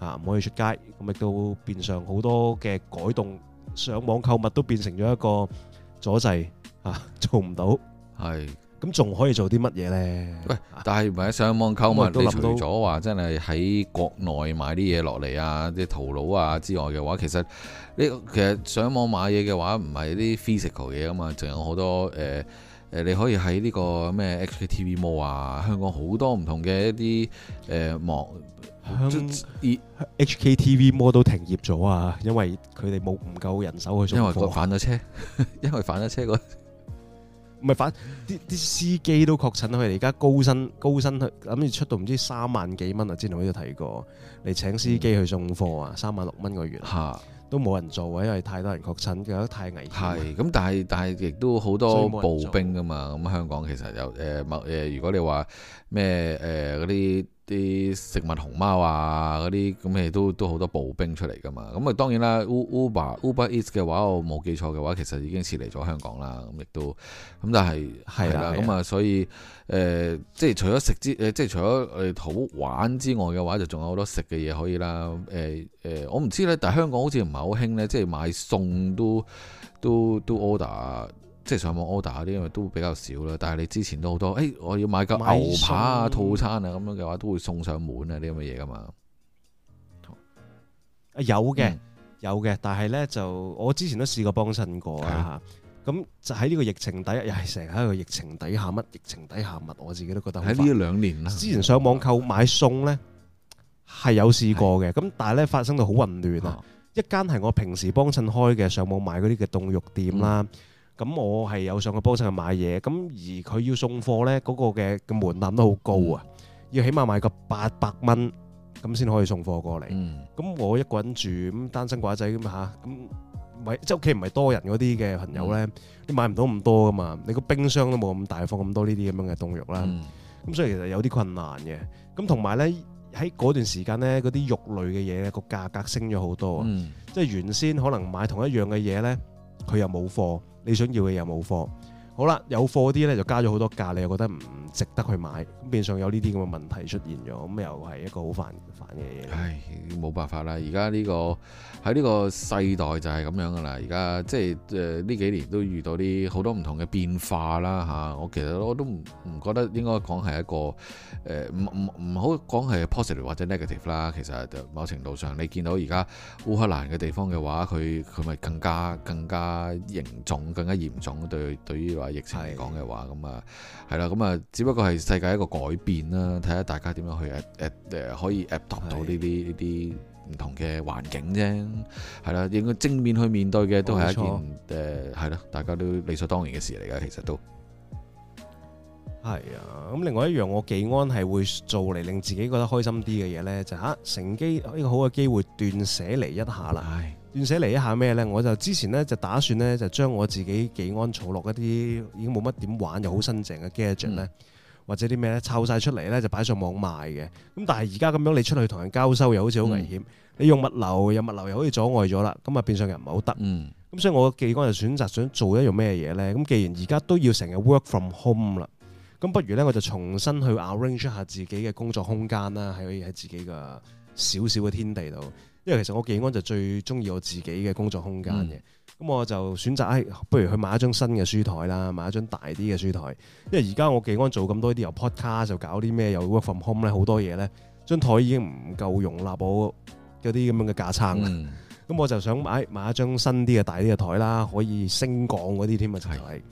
啊，唔可以出街，咁亦都變相好多嘅改動，上網購物都變成咗一個阻滯啊，做唔到，係。咁仲可以做啲乜嘢咧？喂，但係唔係上網購物？都、啊、除咗話真係喺國內買啲嘢落嚟啊，即啲淘寶啊之外嘅話，其實呢，其實上網買嘢嘅話，唔係啲 physical 嘢啊嘛，仲有好多誒誒、呃，你可以喺呢個咩 HKTV Mall 啊，香港好多唔同嘅一啲誒網，HKTV Mall 都停業咗啊，因為佢哋冇唔夠人手去因為佢反咗車，因為反咗車 唔係，反啲啲司機都確診，佢哋而家高薪高薪，諗住出到唔知三萬幾蚊啊！之前喺度睇過，你請司機去送貨啊，嗯、三萬六蚊個月，嚇、啊、都冇人做啊，因為太多人確診，覺得太危險。係咁，但係但係亦都好多步兵噶嘛。咁香港其實有誒物誒，如果你話咩誒嗰啲。呃啲食物熊貓啊，嗰啲咁嘅都都好多步兵出嚟㗎嘛，咁啊當然啦，Uber Uber Eats 嘅話，我冇記錯嘅話，其實已經撤離咗香港啦，咁亦都咁，但係係啦，咁啊所以誒、呃，即係除咗食之誒、呃，即係除咗誒好玩之外嘅話，就仲有好多食嘅嘢可以啦，誒、呃、誒、呃，我唔知咧，但係香港好似唔係好興咧，即係買餸都都都，都 order。即係上網 order 啲，因為都比較少啦。但係你之前都好多，誒、哎，我要買個牛扒啊，菜套餐啊，咁樣嘅話，都會送上門啊啲咁嘅嘢噶嘛。有嘅的，嗯、有嘅，但係咧就我之前都試過幫襯過的啊。咁就喺呢個疫情底，下，又係成日喺個疫情底下，乜疫情底下乜我自己都覺得喺呢兩年啦。之前上網購買餸咧，係有試過嘅。咁的但係咧發生到好混亂啊的的！一間係我平時幫襯開嘅，上網買嗰啲嘅凍肉店啦。嗯嗯咁我係有上個波上去買嘢，咁而佢要送貨咧，嗰個嘅嘅門檻都好高啊，要起碼買個八百蚊咁先可以送貨過嚟。咁我一個人住咁單身寡仔咁嚇，咁唔係即係屋企唔係多人嗰啲嘅朋友咧，你買唔到咁多噶嘛？你個冰箱都冇咁大，放咁多呢啲咁樣嘅凍肉啦。咁所以其實有啲困難嘅。咁同埋咧喺嗰段時間咧，嗰啲肉類嘅嘢咧個價格升咗好多啊，即係原先可能買同一樣嘅嘢咧，佢又冇貨。你想要嘅又冇貨，好啦，有貨啲呢就加咗好多價，你又覺得唔值得去買，咁變相有呢啲咁嘅問題出現咗，咁又係一個好煩煩嘅嘢。唉，冇辦法啦，而家呢個。喺呢個世代就係咁樣噶啦，而家即係誒呢幾年都遇到啲好多唔同嘅變化啦嚇、啊。我其實我都唔唔覺得應該講係一個誒，唔唔唔好講係 positive 或者 negative 啦。其實某程度上，你見到而家烏克蘭嘅地方嘅話，佢佢咪更加更加嚴重，更加嚴重對對於話疫情嚟講嘅話，咁啊係啦，咁啊、嗯、只不過係世界一個改變啦，睇下大家點樣去誒誒誒、啊呃、可以 adapt 到呢啲呢啲。唔同嘅環境啫，係啦，應該正面去面對嘅都係一件誒，係咯，冇錯、呃，大家都理所當然嘅事嚟噶，其實都係啊。咁另外一樣我幾安係會做嚟令自己覺得開心啲嘅嘢呢，就嚇、係啊、乘機呢個好嘅機會斷捨離一下啦。係。斷捨離一下咩呢？我就之前呢，就打算呢，就將我自己幾安儲落一啲已經冇乜點玩又好新淨嘅 gear 咧。或者啲咩咧，湊晒出嚟咧就擺上網賣嘅。咁但係而家咁樣你出去同人交收又好似好危險，嗯、你用物流又物流又好似阻礙咗啦。咁啊變相又唔係好得。咁、嗯、所以我嘅技安就選擇想做一樣咩嘢呢？咁既然而家都要成日 work from home 啦，咁不如呢，我就重新去 arrange 下自己嘅工作空間啦，喺喺自己嘅小小嘅天地度。因為其實我技安就最中意我自己嘅工作空間嘅。嗯咁我就選擇誒，不如去買一張新嘅書台啦，買一張大啲嘅書台，因為而家我技安做咁多啲由 podcast 就搞啲咩，又 work from home 咧好多嘢咧，張台已經唔夠容納我嗰啲咁樣嘅架撐啦。咁、嗯、我就想買買一張新啲嘅大啲嘅台啦，可以升降嗰啲添啊就係、是。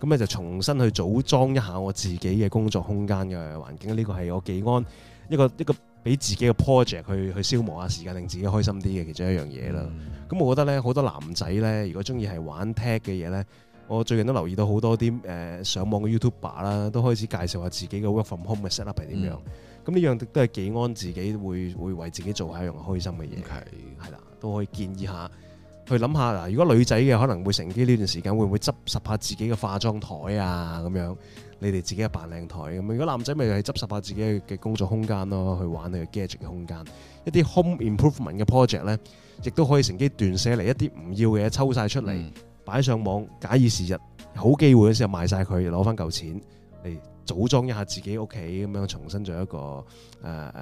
咁咧的就重新去組裝一下我自己嘅工作空間嘅環境，呢、這個係我技安一個一個。這個俾自己個 project 去去消磨下時間，令自己開心啲嘅其中一樣嘢啦。咁、嗯、我覺得咧，好多男仔咧，如果中意係玩 tech 嘅嘢咧，我最近都留意到好多啲誒、呃、上網嘅 YouTuber 啦，都開始介紹下自己嘅 work from home 嘅 set up 係點樣。咁呢、嗯、樣都係幾安自己，會會為自己做下一樣開心嘅嘢。係係啦，都可以建議下，去諗下嗱。如果女仔嘅可能會乘機呢段時間，會唔會執拾下自己嘅化妝台啊咁樣？你哋自己嘅扮靚台咁，如果男仔咪係執拾下自己嘅工作空間咯，去玩你嘅 gadget 嘅空間，一啲 home improvement 嘅 project 咧，亦都可以乘機斷捨離一啲唔要嘅嘢抽晒出嚟，擺、嗯、上網，假以時日好機會嘅時候賣晒佢，攞翻嚿錢嚟組裝一下自己屋企咁樣，重新做一個誒誒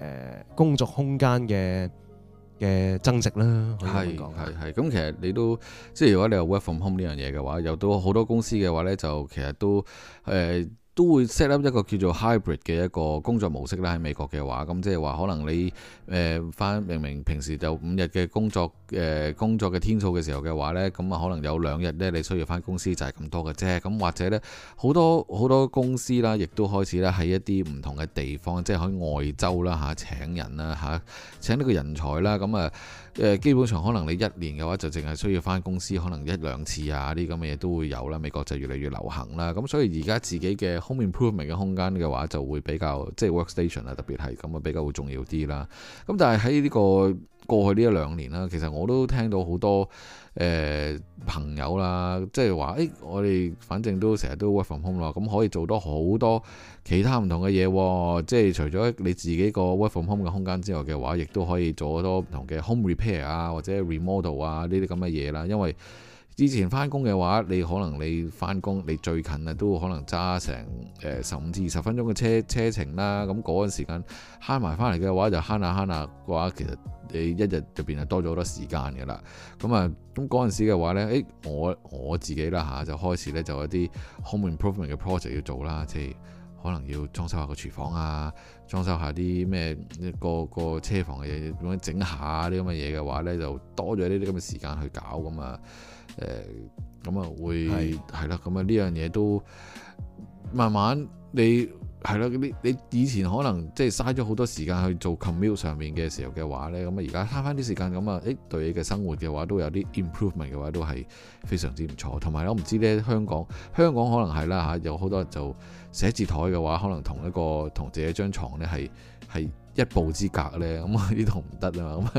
誒工作空間嘅嘅增值啦，可以講係係咁，其實你都即係如果你有 Work from Home 呢樣嘢嘅話，有到好多公司嘅話呢，就其實都誒。呃都會 set up 一個叫做 hybrid 嘅一個工作模式啦，喺美國嘅話，咁即係話可能你誒返、呃、明明平時就五日嘅工作誒、呃、工作嘅天數嘅時候嘅話呢，咁啊可能有兩日呢你需要返公司就係咁多嘅啫。咁或者呢，好多好多公司啦，亦都開始啦喺一啲唔同嘅地方，即係喺外州啦嚇請人啦嚇、啊、請呢個人才啦。咁啊誒基本上可能你一年嘅話就淨係需要返公司可能一兩次啊啲咁嘅嘢都會有啦。美國就越嚟越流行啦。咁所以而家自己嘅 home improvement 嘅空間嘅話就會比較即係 workstation 啊，特別係咁啊比較會重要啲啦。咁但係喺呢個過去呢一兩年啦，其實我都聽到好多誒、呃、朋友啦，即係話誒我哋反正都成日都 work from home 啦，咁可以做多好多其他唔同嘅嘢、哦，即係除咗你自己個 work from home 嘅空間之外嘅話，亦都可以做多唔同嘅 home repair 啊，或者 remodel 啊呢啲咁嘅嘢啦，因為，之前翻工嘅話，你可能你翻工你最近啊都可能揸成誒十五至二十分鐘嘅車車程啦。咁嗰陣時間慳埋翻嚟嘅話，就慳下慳下嘅話，其實你一日入邊就多咗好多時間嘅啦。咁啊，咁嗰陣時嘅話呢，誒、欸、我我自己啦嚇，就開始呢，就有啲 home improvement 嘅 project 要做啦，即、就、係、是、可能要裝修下個廚房啊，裝修下啲咩個個車房嘅嘢，咁樣整下啲咁嘅嘢嘅話呢，就多咗呢啲咁嘅時間去搞咁啊。誒咁啊會係啦，咁啊呢樣嘢都慢慢你係啦，你你以前可能即係嘥咗好多時間去做 commute 上面嘅時候嘅話呢，咁啊而家慳翻啲時間咁啊，誒對你嘅生活嘅話都有啲 improvement 嘅話都係非常之唔錯，同埋我唔知呢香港香港可能係啦嚇，有好多人就寫字枱嘅話可能同一個同自己張床呢係係。一步之隔咧，咁呢度唔得啊嘛！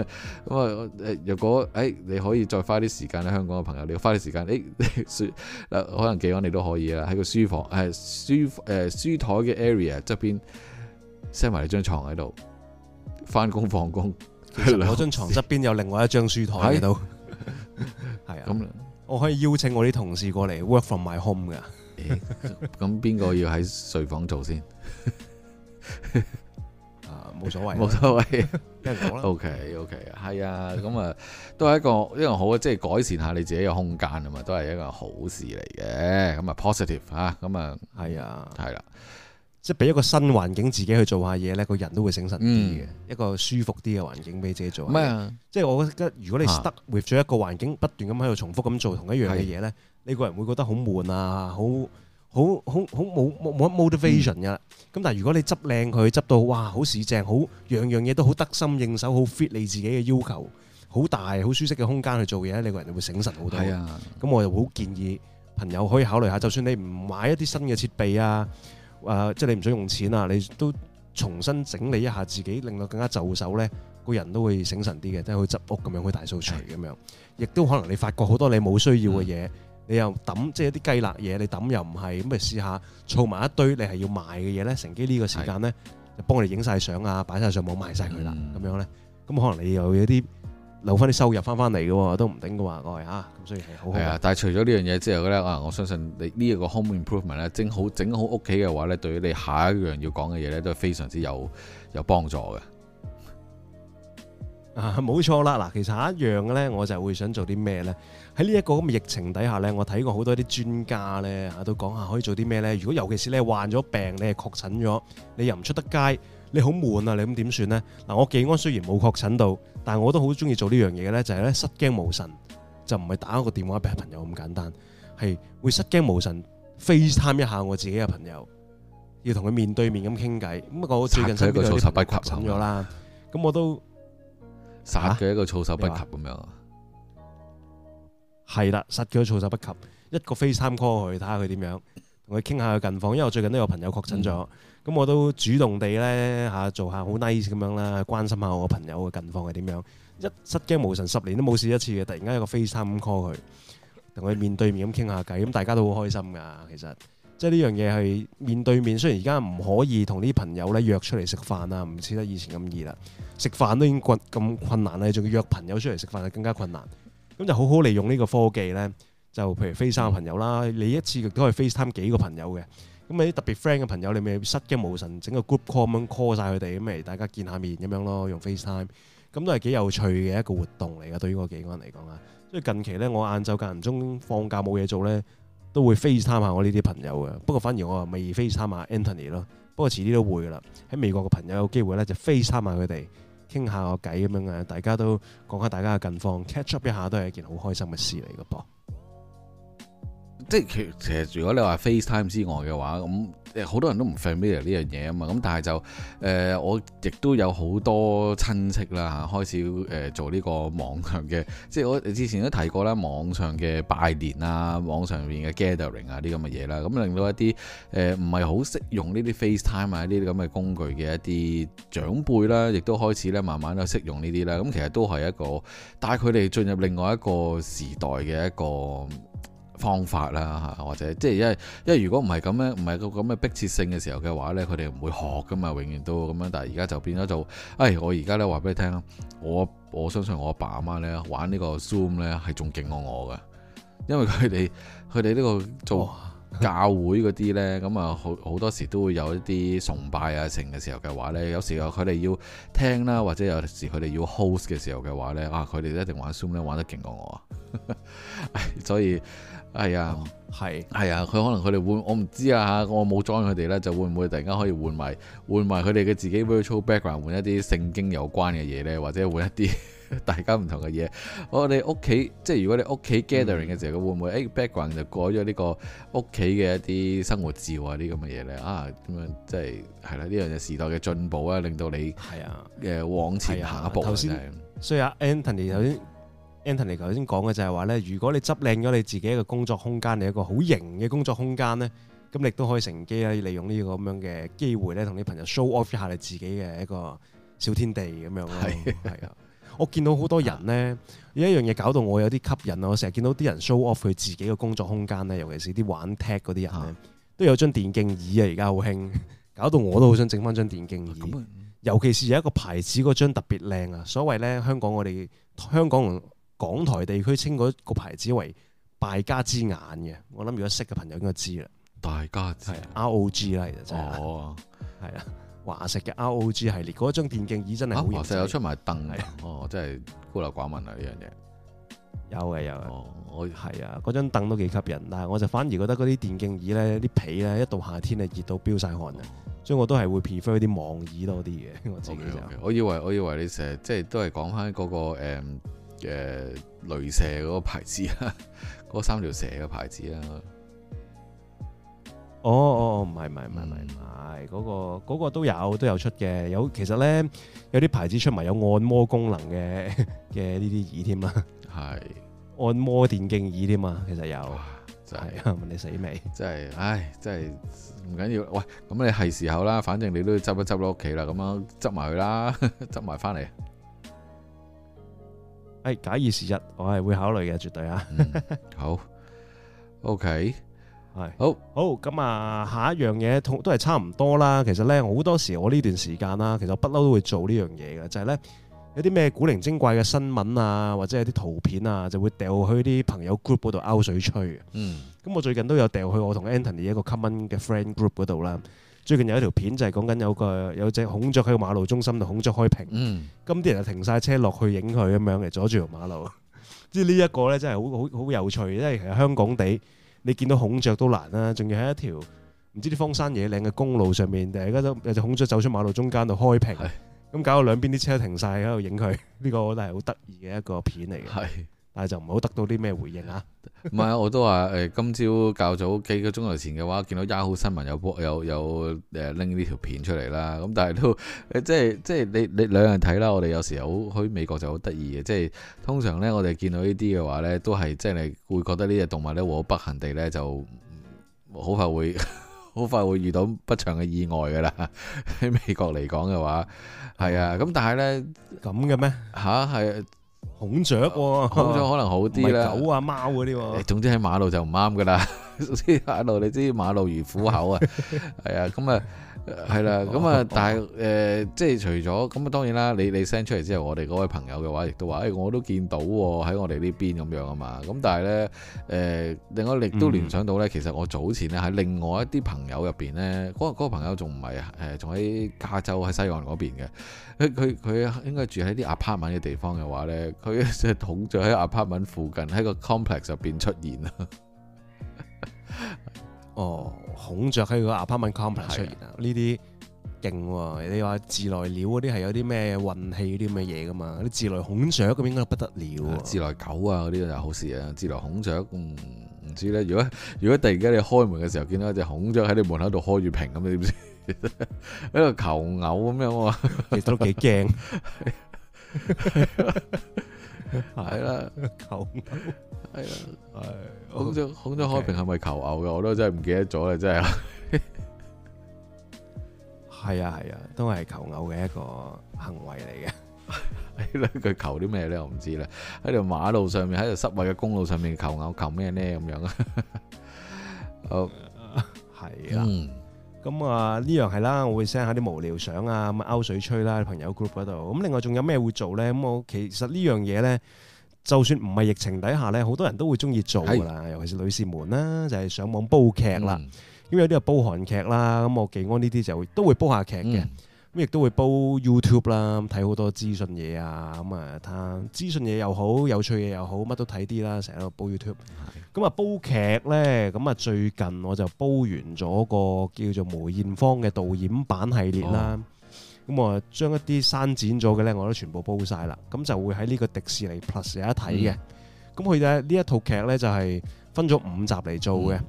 咁咁啊，如果誒、欸，你可以再花啲時間咧，香港嘅朋友，你要花啲時間，誒、欸、誒，可能幾晚你都可以啦。喺個書房，誒、啊、書誒、呃、書台嘅 area 側邊 set 埋你張床喺度，翻工放工。其實嗰張牀側邊有另外一張書台喺度，係嗎 啊。 那我可以邀請我啲同事過嚟 work from my home 嘅。咁邊個要喺睡房做先？ 冇所謂，冇所謂，繼續講啦。OK，OK，係啊，咁啊，都係一個，一個好即係改善下你自己嘅空間啊嘛，都係一個好事嚟嘅。咁啊，positive 啊，咁啊，係啊，係啦，即係俾一個新環境自己去做下嘢咧，個人都會醒神啲嘅。一個舒服啲嘅環境俾自己做，唔係啊？即係我覺得，如果你 stuck with 咗一個環境，不斷咁喺度重複咁做同一樣嘅嘢咧，你個人會覺得好悶啊，好。好好好冇冇乜 motivation 噶啦。咁、嗯、但係如果你執靚佢執到哇，好四正，好樣樣嘢都好得心應手，好 fit 你自己嘅要求，好大好舒適嘅空間去做嘢，你個人就會醒神好多。咁是、啊、我又好建議朋友可以考慮下，就算你唔買一啲新嘅設備啊，誒即係你唔想用錢啊，你都重新整理一下自己，令到更加就手咧，個人都會醒神啲嘅，即係去執屋咁樣，去大掃除咁樣，亦是的 都可能你發覺好多你冇需要嘅嘢。你又抌，即係啲雞肋嘢，你抌又唔係，咁咪試下儲埋一堆，你係要賣嘅嘢咧，乘機呢個時間咧，係啊，就幫你影晒相啊，擺晒上網賣晒佢啦，咁樣咧，咁、嗯嗯、可能你又有啲留翻啲收入翻翻嚟嘅喎，都唔頂嘅話，我係嚇，咁所以係好。係啊，但係除咗呢樣嘢之後咧，啊，我相信你呢一個 home improvement 咧，整好整好屋企嘅話咧，對於你下一樣要講嘅嘢咧，都係非常之有有幫助嘅。冇錯啦，嗱，其實一樣嘅咧，我就會想做啲咩咧？喺呢一個咁嘅疫情底下咧，我睇過好多啲專家咧，都講下可以做啲咩咧？如果尤其是你係患咗病，你係確診咗，你又唔出得街，你好悶啊！你咁點算咧？嗱，我技安雖然冇確診到，但係我都好中意做呢樣嘢咧，就係咧失驚無神，就唔係打一個電話俾朋友咁簡單，係會失驚無神 FaceTime 一下我自己嘅朋友，要同佢面對面咁傾偈。咁我最近真係有啲確診咗啦，咁我都。殺佢一個措手不及咁、啊、樣，係啦，殺佢都措手不及。一個 face 三 call 佢，睇下佢點樣，同佢傾下佢近況。因為我最近都有朋友確診咗，咁、嗯、我都主動地咧吓做下好 nice 咁樣啦，關心下我個朋友嘅近況係點樣。一失驚無神十年都冇試一次嘅，突然間有個 face 三 call 佢，同佢面對面咁傾下偈，咁大家都好開心噶，其實。即係呢樣嘢係面對面，雖然而家唔可以同啲朋友咧約出嚟食飯啊，唔似得以前咁易啦。食飯都已經咁困難啦，仲要約朋友出嚟食飯更加困難。咁就好好利用呢個科技咧，就譬如 FaceTime 朋友啦，你一次亦都可以 FaceTime 幾個朋友嘅。咁你啲特別 friend 嘅朋友，你咪失驚無神整個 group call 晒佢哋，咁咪大家見下面咁樣咯，用 FaceTime。咁都係幾有趣嘅一個活動嚟㗎，對於嗰幾個人嚟講啊。所以近期咧，我晏晝間唔中放假冇嘢做咧，都會 FaceTime 下我呢啲朋友嘅，不過反而我未啊，未 FaceTime 下 Anthony 咯，不過遲啲都會噶啦。喺美國嘅朋友有機會咧就 f a FaceTime 下佢哋，傾下個偈咁樣啊，大家都講下大家嘅近況，catch up 一下都係一件好開心嘅事嚟嘅噃。即係其實，如果你話 FaceTime 之外嘅話，咁好多人都唔 familiar 呢樣嘢啊嘛。咁但係就誒、呃，我亦都有好多親戚啦嚇，開始誒、呃、做呢個網上嘅。即係我之前都提過啦，網上嘅拜年啊，網上面嘅 gathering 啊，呢啲咁嘅嘢啦。咁令到一啲誒唔係好識用呢啲 FaceTime 啊，呢啲咁嘅工具嘅一啲長輩啦，亦都開始咧慢慢都識用呢啲啦。咁其實都係一個帶佢哋進入另外一個時代嘅一個方法啦嚇，或者即係因為因為如果唔係咁樣，唔係個咁嘅迫切性嘅時候嘅話咧，佢哋唔會學㗎嘛，永遠都咁樣。但係而家就變咗做，誒我而家咧話俾你聽，我我，我相信我阿爸阿媽咧玩個呢個 Zoom 咧係仲勁過我嘅，因為佢哋佢哋呢個做教會嗰啲咧，咁啊好好多時都會有一啲崇拜啊成嘅時候嘅話咧，有時候佢哋要聽啦，或者有時佢哋要 host 嘅時候嘅話咧，啊佢哋一定玩 Zoom 咧玩得勁過我，啊。 所以。係啊，係、哎，係啊、嗯，佢、哎、可能佢哋換，我唔知啊我冇 join 佢哋咧，就會唔會突然間可以換埋換埋佢哋嘅自己 virtual background，換一啲聖經有關嘅嘢咧，或者換一啲大家唔同嘅嘢。我哋屋企即係如果你屋企 gathering 嘅時候，佢、嗯、會唔會誒、哎、background 就改咗呢個屋企嘅一啲生活照啊啲咁嘅嘢咧？啊咁樣即係係啦，呢、啊、樣嘢時代嘅進步啊，令到你係啊誒、呃、往前行一步先。啊、的所以阿、啊、Anthony 頭先。Anthony，頭先講嘅就係話咧，如果你執靚咗你自己一個工作空間，你一個好型嘅工作空間咧，咁你都可以乘機啊，利用呢個咁樣嘅機會咧，同啲朋友 show off 一下你自己嘅一個小天地咁樣咯。係啊，我見到好多人咧，有一樣嘢搞到我有啲吸引啊！我成日見到啲人 show off 佢自己嘅工作空間咧，尤其是啲玩 tech 嗰啲人，都有張電競椅啊！而家好興，搞到我都好想整翻張電競椅，競椅嗯嗯、尤其是有一個牌子嗰張特別靚啊！所謂咧，香港我哋香港港台地區稱嗰個牌子為敗家之眼嘅，我諗如果識嘅朋友應該知啦。敗家係、啊、R O G 啦，其實真係。哦，係啊，華碩嘅 R O G 系列嗰張電競椅真係好、啊、華碩又出埋凳嚟，啊、哦，真係孤陋寡聞啊呢樣嘢。有嘅有嘅，我係啊，嗰張凳都幾吸引，但係我就反而覺得嗰啲電競椅咧，啲皮咧一到夏天啊，熱到飆晒汗啊，哦、所以我都係會 prefer 啲網椅多啲嘅。我自己就、okay, okay. 我以為我以為你成日即係都係講翻嗰個、嗯誒，雷蛇嗰個，牌子， 個牌子啊，嗰三條蛇嘅牌子啊，哦哦、那個，唔係唔係唔係唔係，嗰個個都有都有出嘅，有其實咧有啲牌子出埋有按摩功能嘅嘅呢啲椅添啊，係是按摩電競椅添、啊、嘛。其實有，就係啊，是 問你死未？真係，唉，真係唔緊要。喂，咁你係時候啦，反正你都要執一執落屋企啦，咁樣執埋佢啦，執埋翻嚟。誒、哎，假以時日，我係會考慮嘅，絕對啊、 嗯！好，OK，係、哎，好好咁啊，下一樣嘢同都係差唔多啦。其實咧，好多時我呢段時間啦，其實我不嬲都會做呢樣嘢嘅，就係、是、咧有啲咩古靈精怪嘅新聞啊，或者係啲圖片啊，就會掉去啲朋友 group 嗰度勾水吹。嗯，咁我最近都有掉去我同 Anthony 一個 common 嘅 friend group 嗰度啦。最近有一條片就係講緊有個有隻孔雀喺個馬路中心度孔雀開屏，咁啲、嗯、人就停晒車落去影佢咁樣嘅，阻住條馬路。即係呢一個呢真係好好好有趣，因為其實香港地你見到孔雀都難啦、啊，仲要喺一條唔知啲荒山野嶺嘅公路上面，突然間有隻孔雀走出馬路中間度開屏，咁是搞到兩邊啲車停晒喺度影佢。呢個我覺得係好得意嘅一個片嚟嘅。但就唔好得到啲咩回應啊！唔係，我都話誒，今朝較早幾個鐘頭前嘅話，見到 Yahoo 新聞有有有誒拎呢條片出嚟啦。咁但係都即係即係你你兩人睇啦。我哋有時候去美國就好得意嘅，即係通常咧，我哋見到呢啲嘅話咧，都係即係你會覺得呢隻動物咧，好不幸地咧，就好快會好 快會遇到不祥嘅意外噶啦。喺美國嚟講嘅話，係啊。咁但係咧，咁嘅咩嚇係？孔雀、啊，啊、孔雀可能好啲啦。狗啊、貓嗰啲，總之喺馬路就唔啱噶啦。總之喺度，你知馬路如虎口啊。係 啊，咁啊。係啦，咁啊，嗯嗯、但係誒、呃，即係除咗咁啊，當然啦，你你 send 出嚟之後，我哋嗰位朋友嘅話，亦都話，誒，我都見到喎、哦，喺我哋呢邊咁樣啊嘛。咁但係咧，誒、呃，令我亦都聯想到咧，其實我早前咧喺另外一啲朋友入邊咧，嗰、嗰個嗰個朋友仲唔係誒，仲、呃、喺加州喺西岸嗰邊嘅，佢佢佢應該住喺啲 apartment 嘅地方嘅話咧，佢就統咗喺 apartment 附近喺個 complex 入邊出現啦。 哦，孔雀喺個 apartment complex 出現啊，呢啲勁喎！你話自來鳥嗰啲係有啲咩運氣啲咁嘅嘢噶嘛？啲自來孔雀咁應該不得了，自來狗啊嗰啲就好事啊！自來孔雀，唔、嗯、唔知咧。如果如果突然間你開門嘅時候見到一隻孔雀喺你門口度開住屏咁你點知？一 個求偶咁樣，其實都幾驚。 係啦，求偶係啦，係。孔雀孔雀開屏係咪求偶嘅？我都真係唔記得咗啦，真係。係 啊係啊，都係求偶嘅一個行為嚟嘅。佢 求啲咩咧？我唔知啦。喺條馬路上面，喺條濕滑嘅公路上面求偶，求咩咧？咁 樣好啊？好係啊。咁啊呢樣係啦，我會 send 下啲無聊相啊，咁勾水吹啦，朋友 group 嗰度。咁另外仲有咩會做咧？咁我其實呢樣嘢咧，就算唔係疫情底下咧，好多人都會中意做噶啦。是尤其是女士們啦，就係、是、上網煲劇啦。因為、嗯、有啲啊煲韓劇啦，咁我技安呢啲就會都會煲下劇嘅。嗯咁亦都會煲 YouTube 啦，睇好多資訊嘢啊，咁啊睇資訊嘢又好，有趣嘢又好，乜都睇啲啦，成日都煲 YouTube。咁啊煲劇呢，咁啊最近我就煲完咗個叫做梅艷芳嘅導演版系列啦。咁啊將一啲刪剪咗嘅呢，我都全部煲晒啦。咁就會喺呢個迪士尼 Plus 有一睇嘅。咁佢咧呢一套劇呢就係分咗五集嚟做嘅。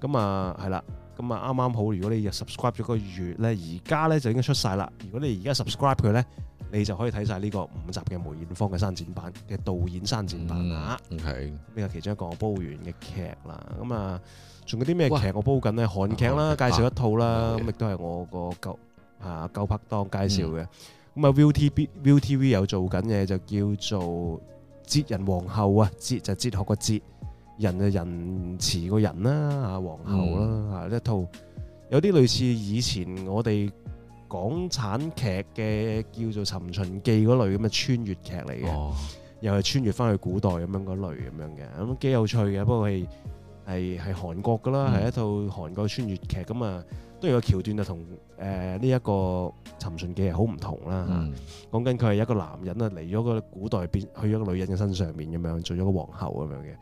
咁啊係啦。咁啊，啱啱好！如果你 subscribe 咗個月咧，而家咧就已經出晒啦。如果你而家 subscribe 佢咧，你就可以睇晒呢個五集嘅梅艷芳嘅刪剪版嘅導演刪剪版、嗯、啊。咁呢個其中一個我煲完嘅劇啦。咁、嗯、啊，仲有啲咩劇我煲緊咧？哇韓劇啦，啊、介紹一套啦。咁亦都係我個舊啊舊拍檔介紹嘅。咁啊，Viu T V Viu T V 有做緊嘅就叫做《哲人皇后》啊，哲就是、哲學個哲。人就仁慈個人啦，啊，皇后啦，啊、嗯、一套有啲類似以前我哋港產劇嘅叫做《尋秦記》嗰類咁嘅穿越劇嚟嘅。哦、又係穿越翻去古代咁樣嗰類咁樣嘅，咁幾有趣嘅。不過係係係韓國㗎啦，係、嗯、一套韓國穿越劇咁啊，都、嗯嗯、有個橋段就同誒呢一個《尋秦記》係好唔同啦。講緊佢係一個男人啊嚟咗個古代變去咗個女人嘅身上面咁樣做咗個皇后咁樣嘅。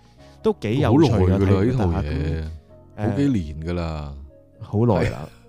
都幾有趣啦，呢套嘢、嗯、好幾年噶啦，好耐啦。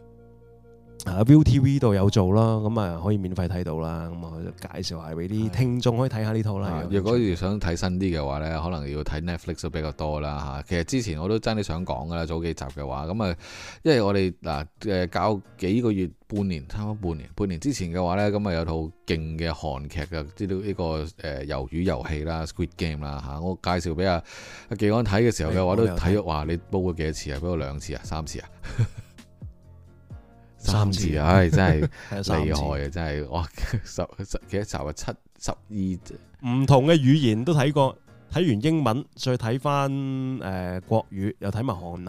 ViuTV 度有做啦，咁啊可以免費睇到啦。咁啊介紹下俾啲的聽眾可以睇下呢套啦。如果你想睇新啲嘅話咧，可能要睇 Netflix 比較多啦嚇。其實之前我都真係想講噶啦，早幾集嘅話，咁啊，因為我哋嗱誒，搞、啊、幾個月、半年差唔多半年，半年之前嘅話咧，咁啊有套勁嘅韓劇嘅，知呢個誒《魷魚遊戲》啦，《Squid Game》啦嚇，我介紹俾阿阿安睇嘅時候嘅話、欸、都睇咗話你煲過幾多次啊？煲過兩次啊，三次啊。 三字啊，真係厲害啊！ 次真係哇，十十幾集啊，七十二唔同嘅語言都睇過，睇完英文再睇翻誒國語，又睇埋韓文，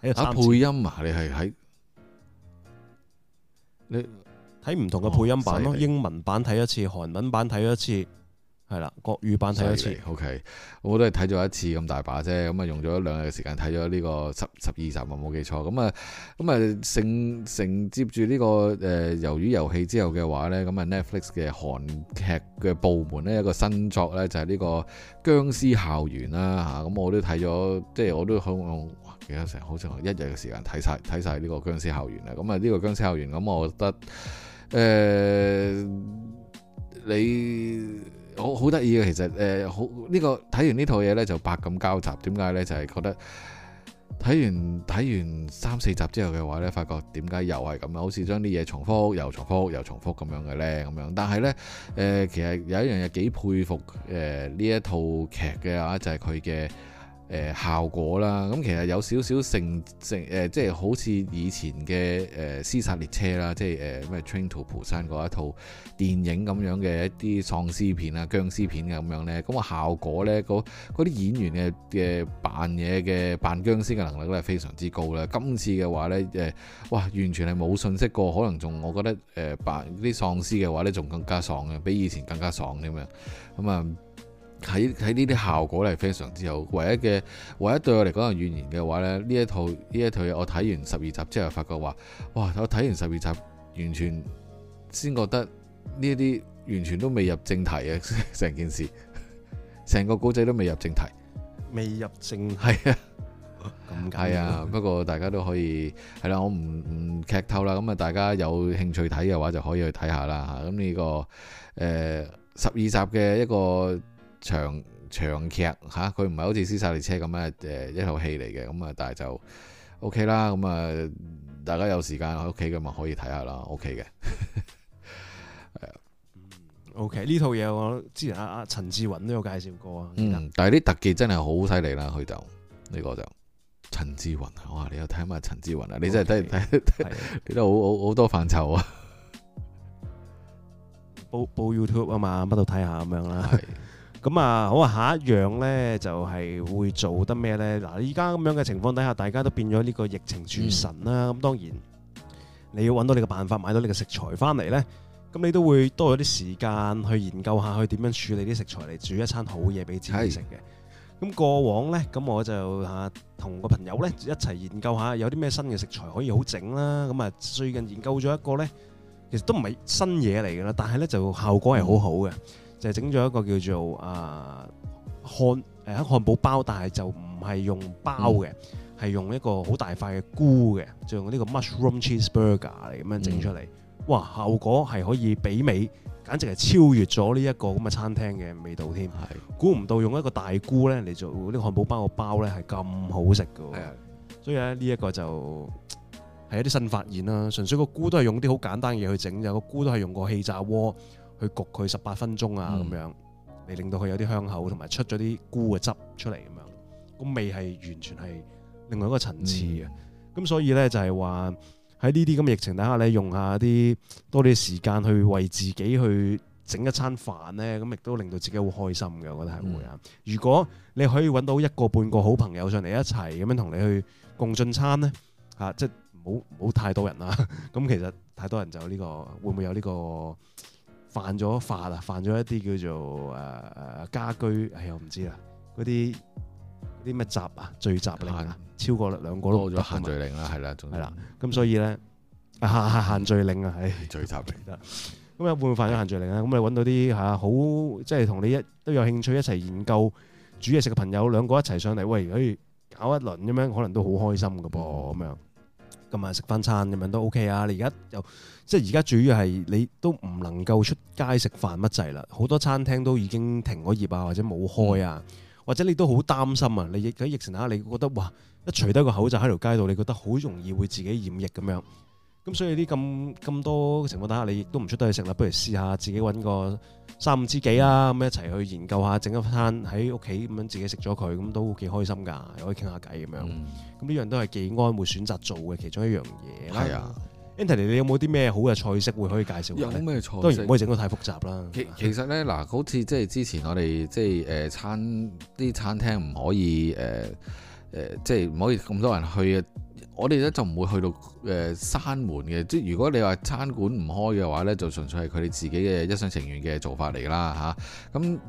睇咗三次、啊、配音啊，你係喺你睇唔同嘅配音版咯，哦、英文版睇一次，韓文版睇一次。係啦，國語版睇一次。O、okay, K，我都係睇咗一次咁大把啫。咁啊，用咗兩日時間睇咗呢個十十二集啊，冇記錯。咁啊，咁啊，承承，承接住呢個誒，魷魚遊戲之後嘅話呢咁啊，Netflix 嘅韓劇嘅部門呢一個新作呢就係呢個《僵屍校園》啦嚇。咁我都睇咗，即係我都好，哇得有成，好似一日嘅時間睇晒睇曬呢個《殭屍校園》啦。咁啊，呢個《僵屍校園》，咁我覺得誒、呃、你。好好好得意嘅，其實誒、呃、好呢、呢個睇完呢套嘢呢，就百感交集，點解呢？就係、是、覺得睇完睇完三四集之後嘅話呢，發覺點解又係咁樣？好似將啲嘢重複，又重複，又重複咁樣嘅呢。咁樣。但係呢，誒、呃，其實有一樣嘢幾佩服誒呢、呃、一套劇嘅話、呃，就係佢嘅。誒、呃、效果啦，咁其實有少少成成誒、呃，即係好似以前嘅誒、呃《屍殺列車》啦，即係誒咩《呃、Train to Busan》嗰一套電影咁樣嘅一啲喪屍片啊、僵屍片嘅咁樣呢。咁個效果呢，嗰啲演員嘅嘅、呃、扮嘢嘅扮僵屍嘅能力都係，非常之高啦。今次嘅話呢，誒、呃、哇，完全係冇信息過，可能仲我覺得誒、呃、扮啲喪屍嘅話呢，仲更加爽嘅，比以前更加爽啲咁樣咁啊。喺喺呢啲效果係非常之好，唯一嘅唯一對我嚟講嘅怨言嘅話咧，呢一套呢一套嘢，我睇完十二集之後發覺話，哇！我睇完十二集，完全先覺得呢一啲完全都未入正題啊，成件事，成個古仔都未入正題，未入正係啊，係啊，不過大家都可以係啦、啊，我唔唔劇透啦，咁啊大家有興趣睇嘅話就可以去睇下啦，咁、啊、呢、這個誒十二集嘅一個。長長劇吓，佢唔係好似《屍殺列車樣》咁咧，誒，一套戲嚟嘅。咁啊，但係就 O、OK、K 啦，咁、嗯、啊，大家有時間喺屋企咁啊，可以睇下啦，O K 嘅，o K，呢套嘢我之前阿阿陳志雲都有介紹過啊、嗯，但係啲特技真係好犀利啦，佢就呢、這個就陳志雲啊，哇，你又睇埋陳志雲啊，你真係睇睇睇，你都好好好多範疇啊，煲煲 YouTube 啊嘛，乜都睇下咁樣啦。 咁啊，好啊，下一樣呢就係、是、會做得咩呢？嗱，依家咁樣嘅情況底下，大家都變咗呢個疫情廚神啦。咁、嗯、當然你要揾到你嘅辦法，買到你嘅食材翻嚟呢，咁你都會多咗啲時間去研究下，去點樣處理啲食材嚟煮一餐好嘢俾自己食嘅。咁是 過往呢，咁我就嚇同個朋友呢一齊研究下，有啲咩新嘅食材可以好整啦。咁啊，最近研究咗一個呢，其實都唔係新嘢嚟噶啦，但係呢就效果係好好嘅。嗯嗯就係整咗一個叫做啊、呃、漢誒漢堡包，但係就唔係用包嘅，係、嗯、用一個好大塊嘅菇嘅，就用呢個 mushroom cheese burger 嚟咁樣整出嚟。嗯、哇！效果係可以媲美，簡直係超越咗呢一個咁嘅餐廳嘅味道添。估唔的到用一個大菇咧嚟做呢個漢堡包個包咧，係咁好食嘅。的所以咧呢一個就係一啲新發現啦。純粹個菇都係用啲好簡單嘅嘢去整，就個菇都係用個氣炸鍋。去焗佢十八分鐘啊，咁、嗯、樣，你令到佢有啲香口，同埋出咗啲菇嘅汁出嚟咁樣，個味係完全係另外一個層次嘅。咁、嗯、所以呢，就係話喺呢啲咁嘅疫情底下呢，你用一下啲多啲時間去為自己去整一餐飯呢，咁亦都令到自己好開心嘅。我覺得係會啊。嗯、如果你可以揾到一個半個好朋友上嚟一齊咁樣同你去共進餐呢，吓、啊，即係唔好唔好太多人啦。咁 其實太多人就呢、呢個會唔會有呢、呢個？犯咗法啊！犯咗一啲叫做誒、呃、家居，哎、啊、呀，我唔知啦，嗰啲啲乜集啊，聚集令啦，啊、超過啦兩個咯，多咗限聚令啦，係啦的，係啦、嗯，咁所以咧限、嗯啊、限聚令啊，的哎，聚集嚟得，咁有冇犯咗限聚令咧？咁、嗯、你揾到啲嚇、啊、好，即係同你一都有興趣一齊研究煮嘢食嘅朋友，兩個一齊上嚟，喂，如果去搞一輪咁樣，可能都好開心嘅噃，咁樣、嗯。嗯。今晚食翻餐咁樣都 OK 啊！你而家又即係而家主要係你都唔能夠出街食飯乜滯啦，好多餐廳都已經停咗業啊，或者冇開啊，或者你都好擔心啊！你疫喺疫情下，你覺得哇，一除低個口罩喺條街度，你覺得好容易會自己染疫咁樣。咁所以啲咁咁多情況底下，你亦都唔出得去食啦，不如試下自己揾個三五知己啊，咁一齊去研究下，整一餐喺屋企咁樣自己食咗佢，咁都幾開心噶，又可以傾下偈咁樣。咁呢樣都係幾安會選擇做嘅其中一樣嘢，係啊 Antony、嗯啊、你有冇啲咩好嘅菜式會可以介紹咧？有啲咩菜式當然唔可以整得太複雜啦。其其實咧嗱，好似即係之前我哋即係誒餐啲餐廳唔可以誒誒，即係唔可以咁多人去啊。我哋咧就唔會去到誒閂、呃、門嘅，即係如果你話餐館唔開嘅話呢，就純粹係佢哋自己嘅一廂情願嘅做法嚟啦嚇。咁、啊、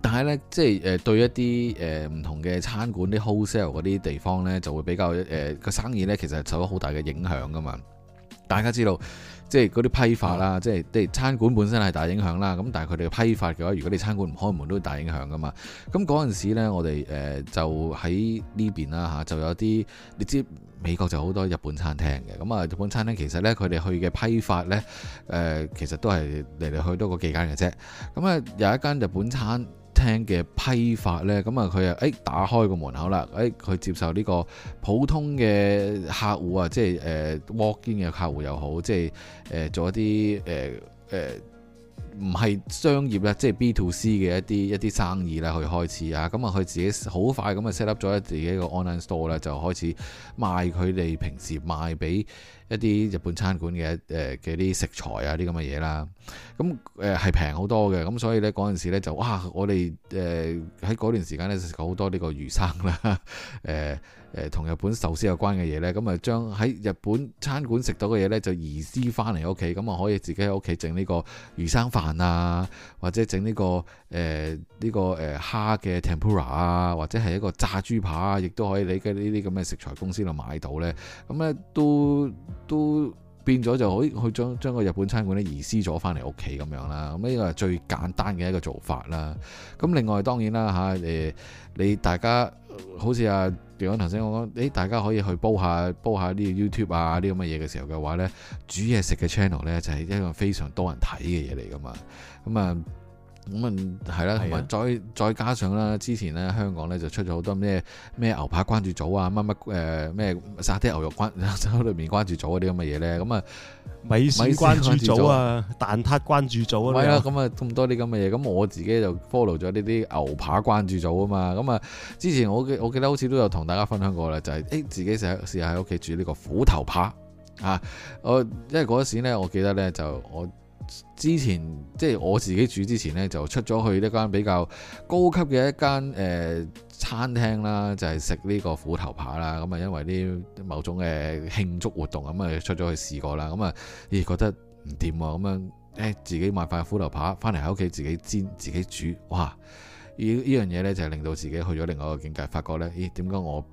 但係呢，即係誒、呃、對一啲誒唔同嘅餐館啲 wholesale 嗰啲地方呢，就會比較誒個、呃、生意呢其實受咗好大嘅影響噶嘛。大家知道。即係嗰啲批發啦，即係即係餐館本身係大影響啦。咁但係佢哋批發嘅話，如果你餐館唔開門，都會大影響噶嘛。咁嗰陣時呢，我哋誒就喺呢邊啦吓，就有啲你知美國就好多日本餐廳嘅。咁啊日本餐廳其實呢，佢哋去嘅批發呢，誒其實都係嚟嚟去去都個幾間嘅啫。咁啊有一間日本餐。聽嘅批發咧，咁啊佢啊，誒打開個門口啦，誒佢接受呢個普通嘅客戶啊，即係誒 walk-in 嘅客戶又好，即係誒、呃、做一啲誒誒。呃呃唔係商業咧，即係 B to C 嘅一啲一啲生意啦，去開始啊，咁啊佢自己好快咁啊 set up 咗自己一個 online store 啦，就開始賣佢哋平時賣俾一啲日本餐館嘅誒嘅啲食材啊啲咁嘅嘢啦，咁誒係平好多嘅，咁所以咧嗰陣時咧就哇，我哋誒喺嗰段時間咧食好多呢個魚生啦，誒、呃。誒同日本壽司有關嘅嘢呢，咁啊將喺日本餐館食到嘅嘢呢，就移師翻嚟屋企，咁啊可以自己喺屋企整呢個魚生飯啊，或者整呢個誒呢個誒蝦嘅 tempura 啊，或者係一個炸豬排啊，亦都可以你嘅呢啲咁嘅食材公司度買到呢，咁呢都都變咗就可以去將將個日本餐館呢移師咗翻嚟屋企咁樣啦。咁呢個係最簡單嘅一個做法啦。咁另外當然啦嚇誒你大家好似啊～比如我頭先我講，誒大家可以去煲下煲下啲 YouTube 啊，啲咁嘅嘢嘅時候嘅話呢，煮嘢食嘅 channel 咧，就係一個非常多人睇嘅嘢嚟噶嘛。咁、嗯、啊～咁啊，係啦，同埋再再加上啦，之前咧香港咧就出咗好多咩咩牛扒關注組啊，乜乜誒咩沙爹牛肉關，就喺裏面關注組嗰啲咁嘅嘢咧。咁、嗯、啊，米線關注組啊，蛋撻關注組啊。唔係啊，咁啊咁多啲咁嘅嘢。咁我自己就 follow 咗呢啲牛扒關注組啊嘛。咁啊，之前我記我記得好似都有同大家分享過啦，就係、是、誒自己成日試下喺屋企煮呢個斧頭扒啊。我因為嗰時咧，我記得咧就我。之前即係、就是、我自己煮之前呢，就出咗去一間比較高級嘅一間誒、呃、餐廳啦，就係食呢個斧頭扒啦。咁、嗯、啊，因為啲某種嘅慶祝活動咁啊、嗯，出咗去試過啦。咁、嗯、啊，咦、欸，覺得唔掂啊，咁樣誒，自己買塊斧頭扒翻嚟喺屋企自己煎，自己，煎自己煮，哇！呢呢樣嘢呢，就係、是、令到自己去咗另外一個境界，發覺呢，咦、欸，點解我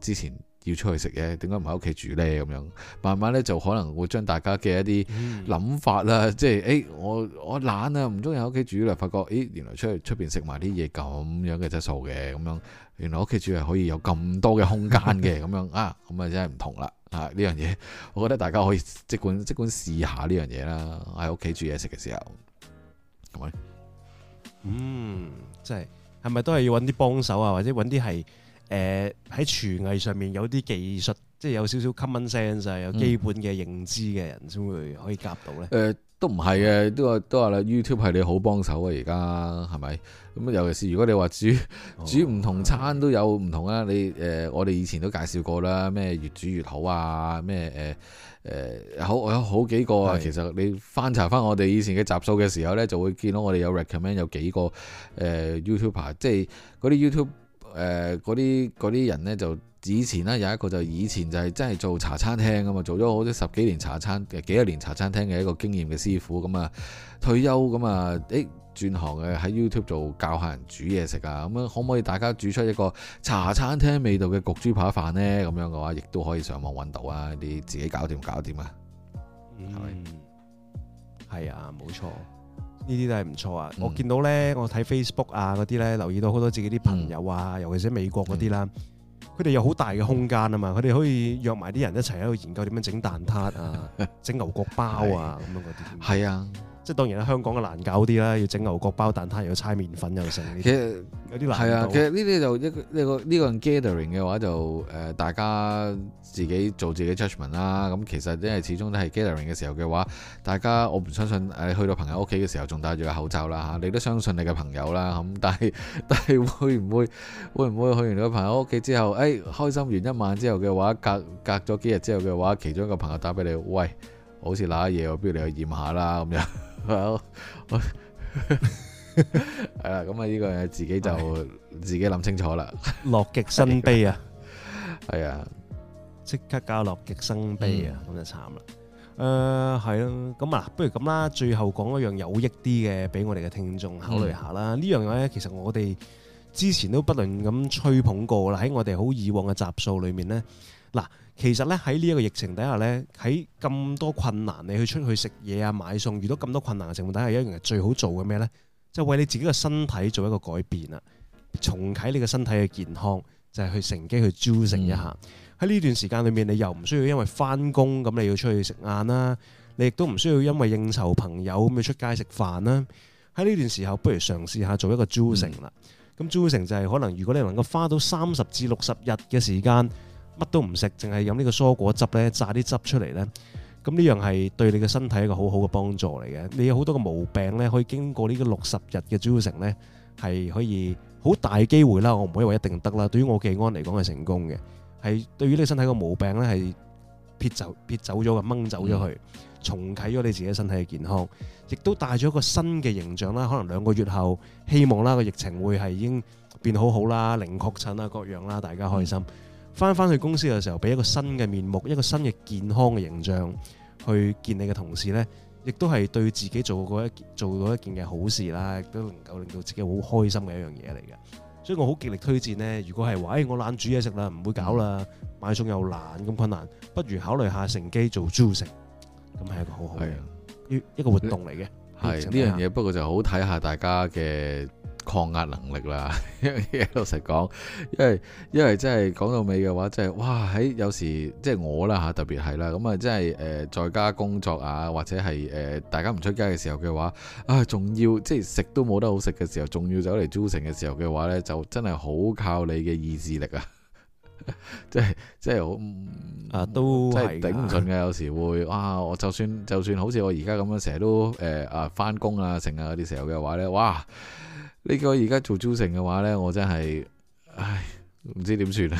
之前要出去食嘅，點解唔喺屋企煮呢？咁樣慢慢咧就可能會將大家嘅一啲諗法啦，嗯、即係誒、欸，我我懶啊，唔中意喺屋企煮啦，發覺誒、欸，原來出去出邊食埋啲嘢咁樣嘅質素嘅，咁樣原來屋企煮係可以有咁多嘅空間嘅，咁 樣啊，咁啊真係唔同啦啊！呢樣嘢，我覺得大家可以即管即管試下呢樣嘢啦，喺屋企煮嘢食嘅時候，咁樣，嗯，即係係咪都係要揾啲幫手啊，或者揾啲係？誒喺、呃、廚藝上面有啲技術，即係有少少 common sense，有基本嘅認知嘅人先會可以夾到呢。誒都唔係嘅，都話都話啦，YouTube 係你好幫手啊！而家係咪？咁尤其是如果你話煮煮唔同餐都有唔同啊！哦、你誒、呃、我哋以前都介紹過啦，咩越煮越好啊！咩誒誒好有好幾個啊！其實你翻查翻我哋以前嘅集數嘅時候呢，的就會見到我哋有 recommend 有幾個誒、呃、YouTuber，即係嗰啲 YouTube。誒嗰啲啲人呢，就以前呢，有一個就以前就係真係做茶餐廳㗎嘛，做咗好似十幾年茶餐幾十年茶餐廳嘅一個經驗嘅師傅咁啊，退休咁啊，誒轉行嘅喺 YouTube 做教下人煮嘢食啊，咁、嗯、啊可唔可以大家煮出一個茶餐廳味道嘅焗豬扒飯呢？咁樣嘅話，亦都可以上網揾到啊，你自己搞掂搞掂啊，係咪、嗯？係吧啊，冇錯。呢啲都係唔錯啊！嗯、我見到呢，我睇 Facebook 啊嗰啲呢，留意到好多自己啲朋友啊，嗯、尤其是美國嗰啲啦，佢哋、嗯、有好大嘅空間啊嘛，佢哋、嗯、可以約埋啲人一齊喺度研究點樣整蛋撻啊，整、啊、牛角包啊咁 是樣嗰啲。係啊。即係當然啦，香港嘅難搞啲啦，要整牛角包蛋撻，又要搓麵粉又成，其實有啲難。係啊，其實呢啲就一呢個呢個 gathering 嘅話就誒、呃，大家自己做自己 judgment 啦。咁其實因為始終都係 gathering 嘅時候嘅話，大家我唔相信誒、啊、去到朋友屋企嘅時候仲戴住個口罩啦嚇、啊，你都相信你嘅朋友啦咁、啊，但係但係會唔會會唔會去完你個朋友屋企之後，誒、哎、開心完一晚之後嘅話，隔隔咗幾日之後嘅話，其中一個朋友打俾你，喂，好似嗱下嘢，我不如你去驗下啦咁樣。係啊，咁啊呢個自己就自己諗清楚啦。樂極生悲啊，係啊，即刻加樂極生悲啊，咁、嗯、就慘啦。誒、呃，係咯，咁啊，不如咁啦，最後講一樣有益啲嘅俾我哋嘅聽眾考慮下啦。呢樣嘢咧， 其實我哋之前都不斷咁吹捧過啦，喺我哋好以往嘅集數裏面呢。嗱，其實咧，喺呢一個疫情底下呢，喺咁多困難，你去出去食嘢啊、買餸，遇到咁多困難嘅情況底下，一樣係最好做嘅咩呢就係、為你自己個身體做一個改變啦，重啟你嘅身體嘅健康，就係、係、去乘機去 juicing 一下喺呢、嗯、段時間裏面，你又唔需要因為翻工咁你要出去食晏啦，你亦都唔需要因為應酬朋友咁要出街食飯啦。喺呢段時候，不如嘗試下做一個 juicing 啦。咁 juicing 就係可能如果你能夠花到三十至六十日嘅時間。乜都唔食，淨係飲呢個蔬果汁呢，榨啲汁出嚟呢。咁呢樣係對你嘅身體一個好好嘅幫助嚟嘅。你有好多嘅毛病呢，可以經過呢個六十日嘅療程呢，係可以好大機會啦。我唔可以話一定得啦。對於我技安嚟講係成功嘅，係對於你身體個毛病呢，係撇走撇走咗，掹走咗去，重啟咗你自己身體嘅健康，亦都帶咗一個新嘅形象啦。可能兩個月後，希望啦，個疫情會係已經變好好啦，零確診啊各樣啦，大家開心。嗯翻翻去公司嘅時候，俾一個新嘅面目，一個新嘅健康嘅形象去見你嘅同事呢，亦都係對自己做嗰一做到一件嘅好事啦，亦都能夠令到自己好開心嘅一樣嘢嚟嘅。所以我好極力推薦呢，如果係話，哎，我懶煮嘢食啦，唔會搞啦，買餸又懶咁困難，不如考慮下乘機做煮食，咁係一個好好嘅，一的一個活動嚟嘅。係呢樣嘢，看看不過就好睇下大家嘅抗壓能力啦， 老實講，因為因為真係講到尾嘅話，真係哇喺有時即係我啦吓，特別係啦，咁啊真係誒、呃、在家工作啊，或者係誒、呃、大家唔出街嘅時候嘅話，啊仲要即係食都冇得好食嘅時候，仲要走嚟租成嘅時候嘅話呢就真係好靠你嘅意志力啊！即係即係好啊，都係頂唔順嘅，有時會哇，我就算就算好似我而家咁樣成日都誒、呃、啊翻工啊成啊嗰啲時候嘅話呢，哇！呢個而家做 juicing 嘅話呢，我真係，唉，唔知點算啊。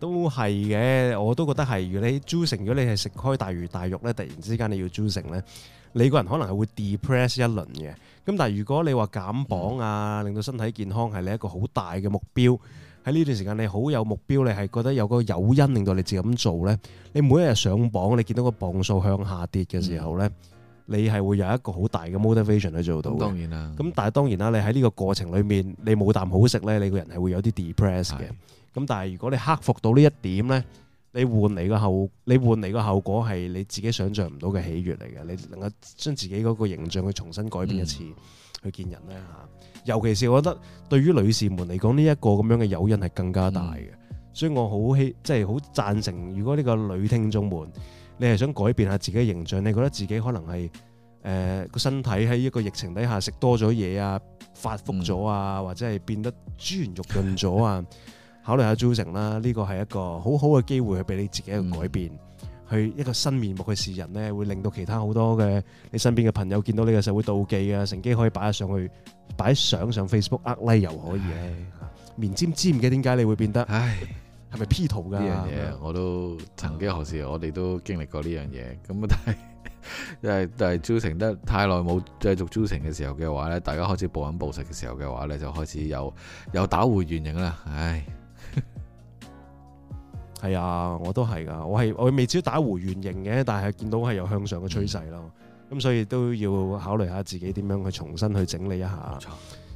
都係嘅，我都覺得係。如果你 juicing 如果你係食開大魚大肉呢，突然之間你要 juicing 你個人可能係會 depress 一輪嘅。咁但係如果你話減磅啊，嗯、令到身體健康係你一個好大嘅目標。喺呢段時間你好有目標，你係覺得有個誘因令到你自己咁做呢。你每一日上磅，你見到個磅數向下跌嘅時候呢。嗯你係會有一個好大嘅 motivation 去做到嘅、嗯，當然啦。咁但係當然啦，你喺呢個過程裏面，你冇啖好食咧，你個人係會有啲 depress 嘅。咁的但係如果你克服到呢一點咧，你換嚟個後，你換嚟個後果係你自己想像唔到嘅喜悅嚟嘅。你能夠將自己嗰個形象去重新改變一次，嗯、去見人咧嚇。尤其是我覺得對於女士們嚟講，呢、這、一個咁樣嘅誘因係更加大嘅。嗯、所以我好希即係好贊成，如果呢個女聽眾們。你係想改變下自己嘅形象？你覺得自己可能係誒個身體喺一個疫情底下食多咗嘢啊，發福咗啊，或者係變得珠圓玉潤咗啊？嗯、考慮下做成啦，呢個係一個好好嘅機會去俾你自己去改變，嗯、去一個新面目嘅示人呢，會令到其他好多嘅你身邊嘅朋友見到你嘅時候會妒忌啊，乘機可以擺上去擺相上 Facebook，呃 like 又可以嘅、啊。唉面尖知唔記得點解你會變得唉～係咪 P 圖㗎呢樣嘢？我都曾經何時，我哋都經歷過呢樣嘢。咁但係，但係， 但係，招成得太耐冇繼續招成嘅時候嘅話咧，大家開始暴飲暴食嘅時候嘅話咧，就開始有有打回原形啦。唉，係啊，我都係㗎。我係我未至於打回原形嘅，但係見到我係有向上嘅趨勢咯。咁所以都要考慮下自己點樣去重新去整理一下。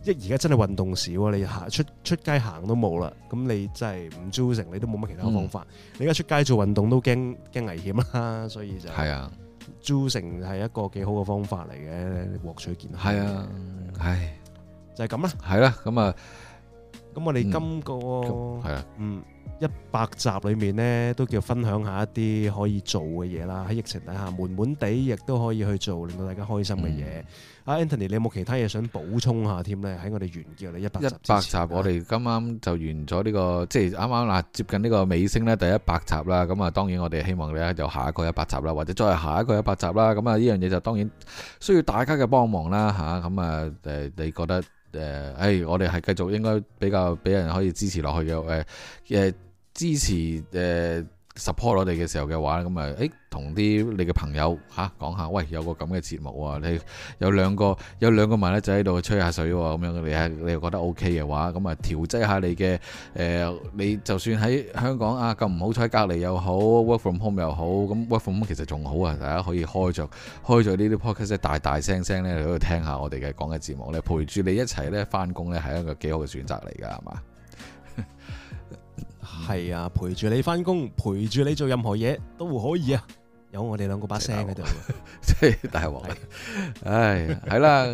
一而家真係運動少啊！你行出出街行都冇啦，咁你真係唔做 gym，你都冇乜其他方法。嗯、你而家出街做運動都驚驚危險啦，所以就係啊，做 gym 係一個幾好嘅方法嚟嘅，獲取健康。係啊，所以唉，就係咁啦，係啦，咁啊。咁我哋今、這個嗯一百集裏面呢，都叫分享一下一啲可以做嘅嘢啦。喺疫情底下悶悶地，亦都可以去做令到大家開心嘅嘢。阿、嗯、Anthony，你有冇其他嘢想補充下添呢？喺我哋完結你一百集之前，一百集我哋今啱就完咗呢、這個，即係啱啱嗱接近呢個尾聲呢。第一百集啦。咁啊，當然我哋希望咧，有下一個一百集啦，或者再下一個一百集啦。咁啊，呢樣嘢就當然需要大家嘅幫忙啦。嚇，咁啊，誒、嗯，你覺得？誒，誒、呃哎，我哋係繼續應該比較俾人可以支持落去嘅，誒、呃，誒、呃，支持，誒、呃。support 我哋嘅時候嘅話，咁啊，誒，同啲你嘅朋友嚇講下，喂，有個咁嘅節目啊，你有兩個有兩個埋咧仔喺度吹下水喎，咁樣你啊，你又覺得 OK 嘅話，咁啊，調劑下你嘅誒、呃，你就算喺香港啊咁唔好彩隔離又好，work from home 又好，咁 work from home 其實仲好啊，大家可以開著開著呢啲 podcast 大大聲聲咧嚟到聽下我哋嘅講嘅節目咧，陪住你一齊咧返工咧係一個幾好嘅選擇嚟㗎，係嘛？ 係啊，陪住你翻工，陪住你做任何嘢都會可以啊！有我哋兩個把聲喺度，即 係 大王。唉，係啦，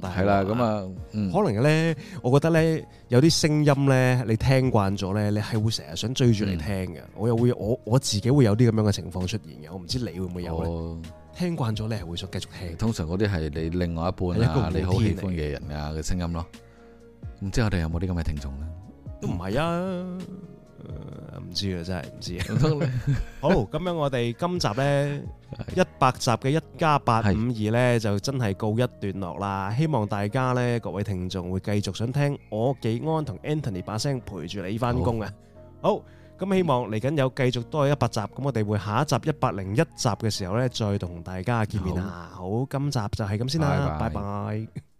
係 啦，咁啊， 可能咧，我覺得咧，有啲聲音咧，你聽慣咗咧，你係會成日想追住你聽嘅。我又會，我我自己會有啲咁樣嘅情況出現嘅。我唔知你會唔會有。我 聽慣咗，你係會想繼續聽。通常嗰啲係你另外一半啊，一個你好喜歡嘅人啊嘅聲音咯。唔知我哋有冇啲咁嘅聽眾咧？都唔係啊。知啊，真係唔知。 好，咁樣我哋今集呢，一百集嘅一加八五二呢，是就真係告一段落啦。希望大家呢，各位聽眾會繼續想聽我紀安同 Anthony 把聲陪住你翻工啊。好，咁希望嚟緊有繼續多一百集，咁我哋會下一集一百零一集嘅時候呢，再同大家見面啦。好，好，今集就係咁先啦，拜拜 bye。Bye bye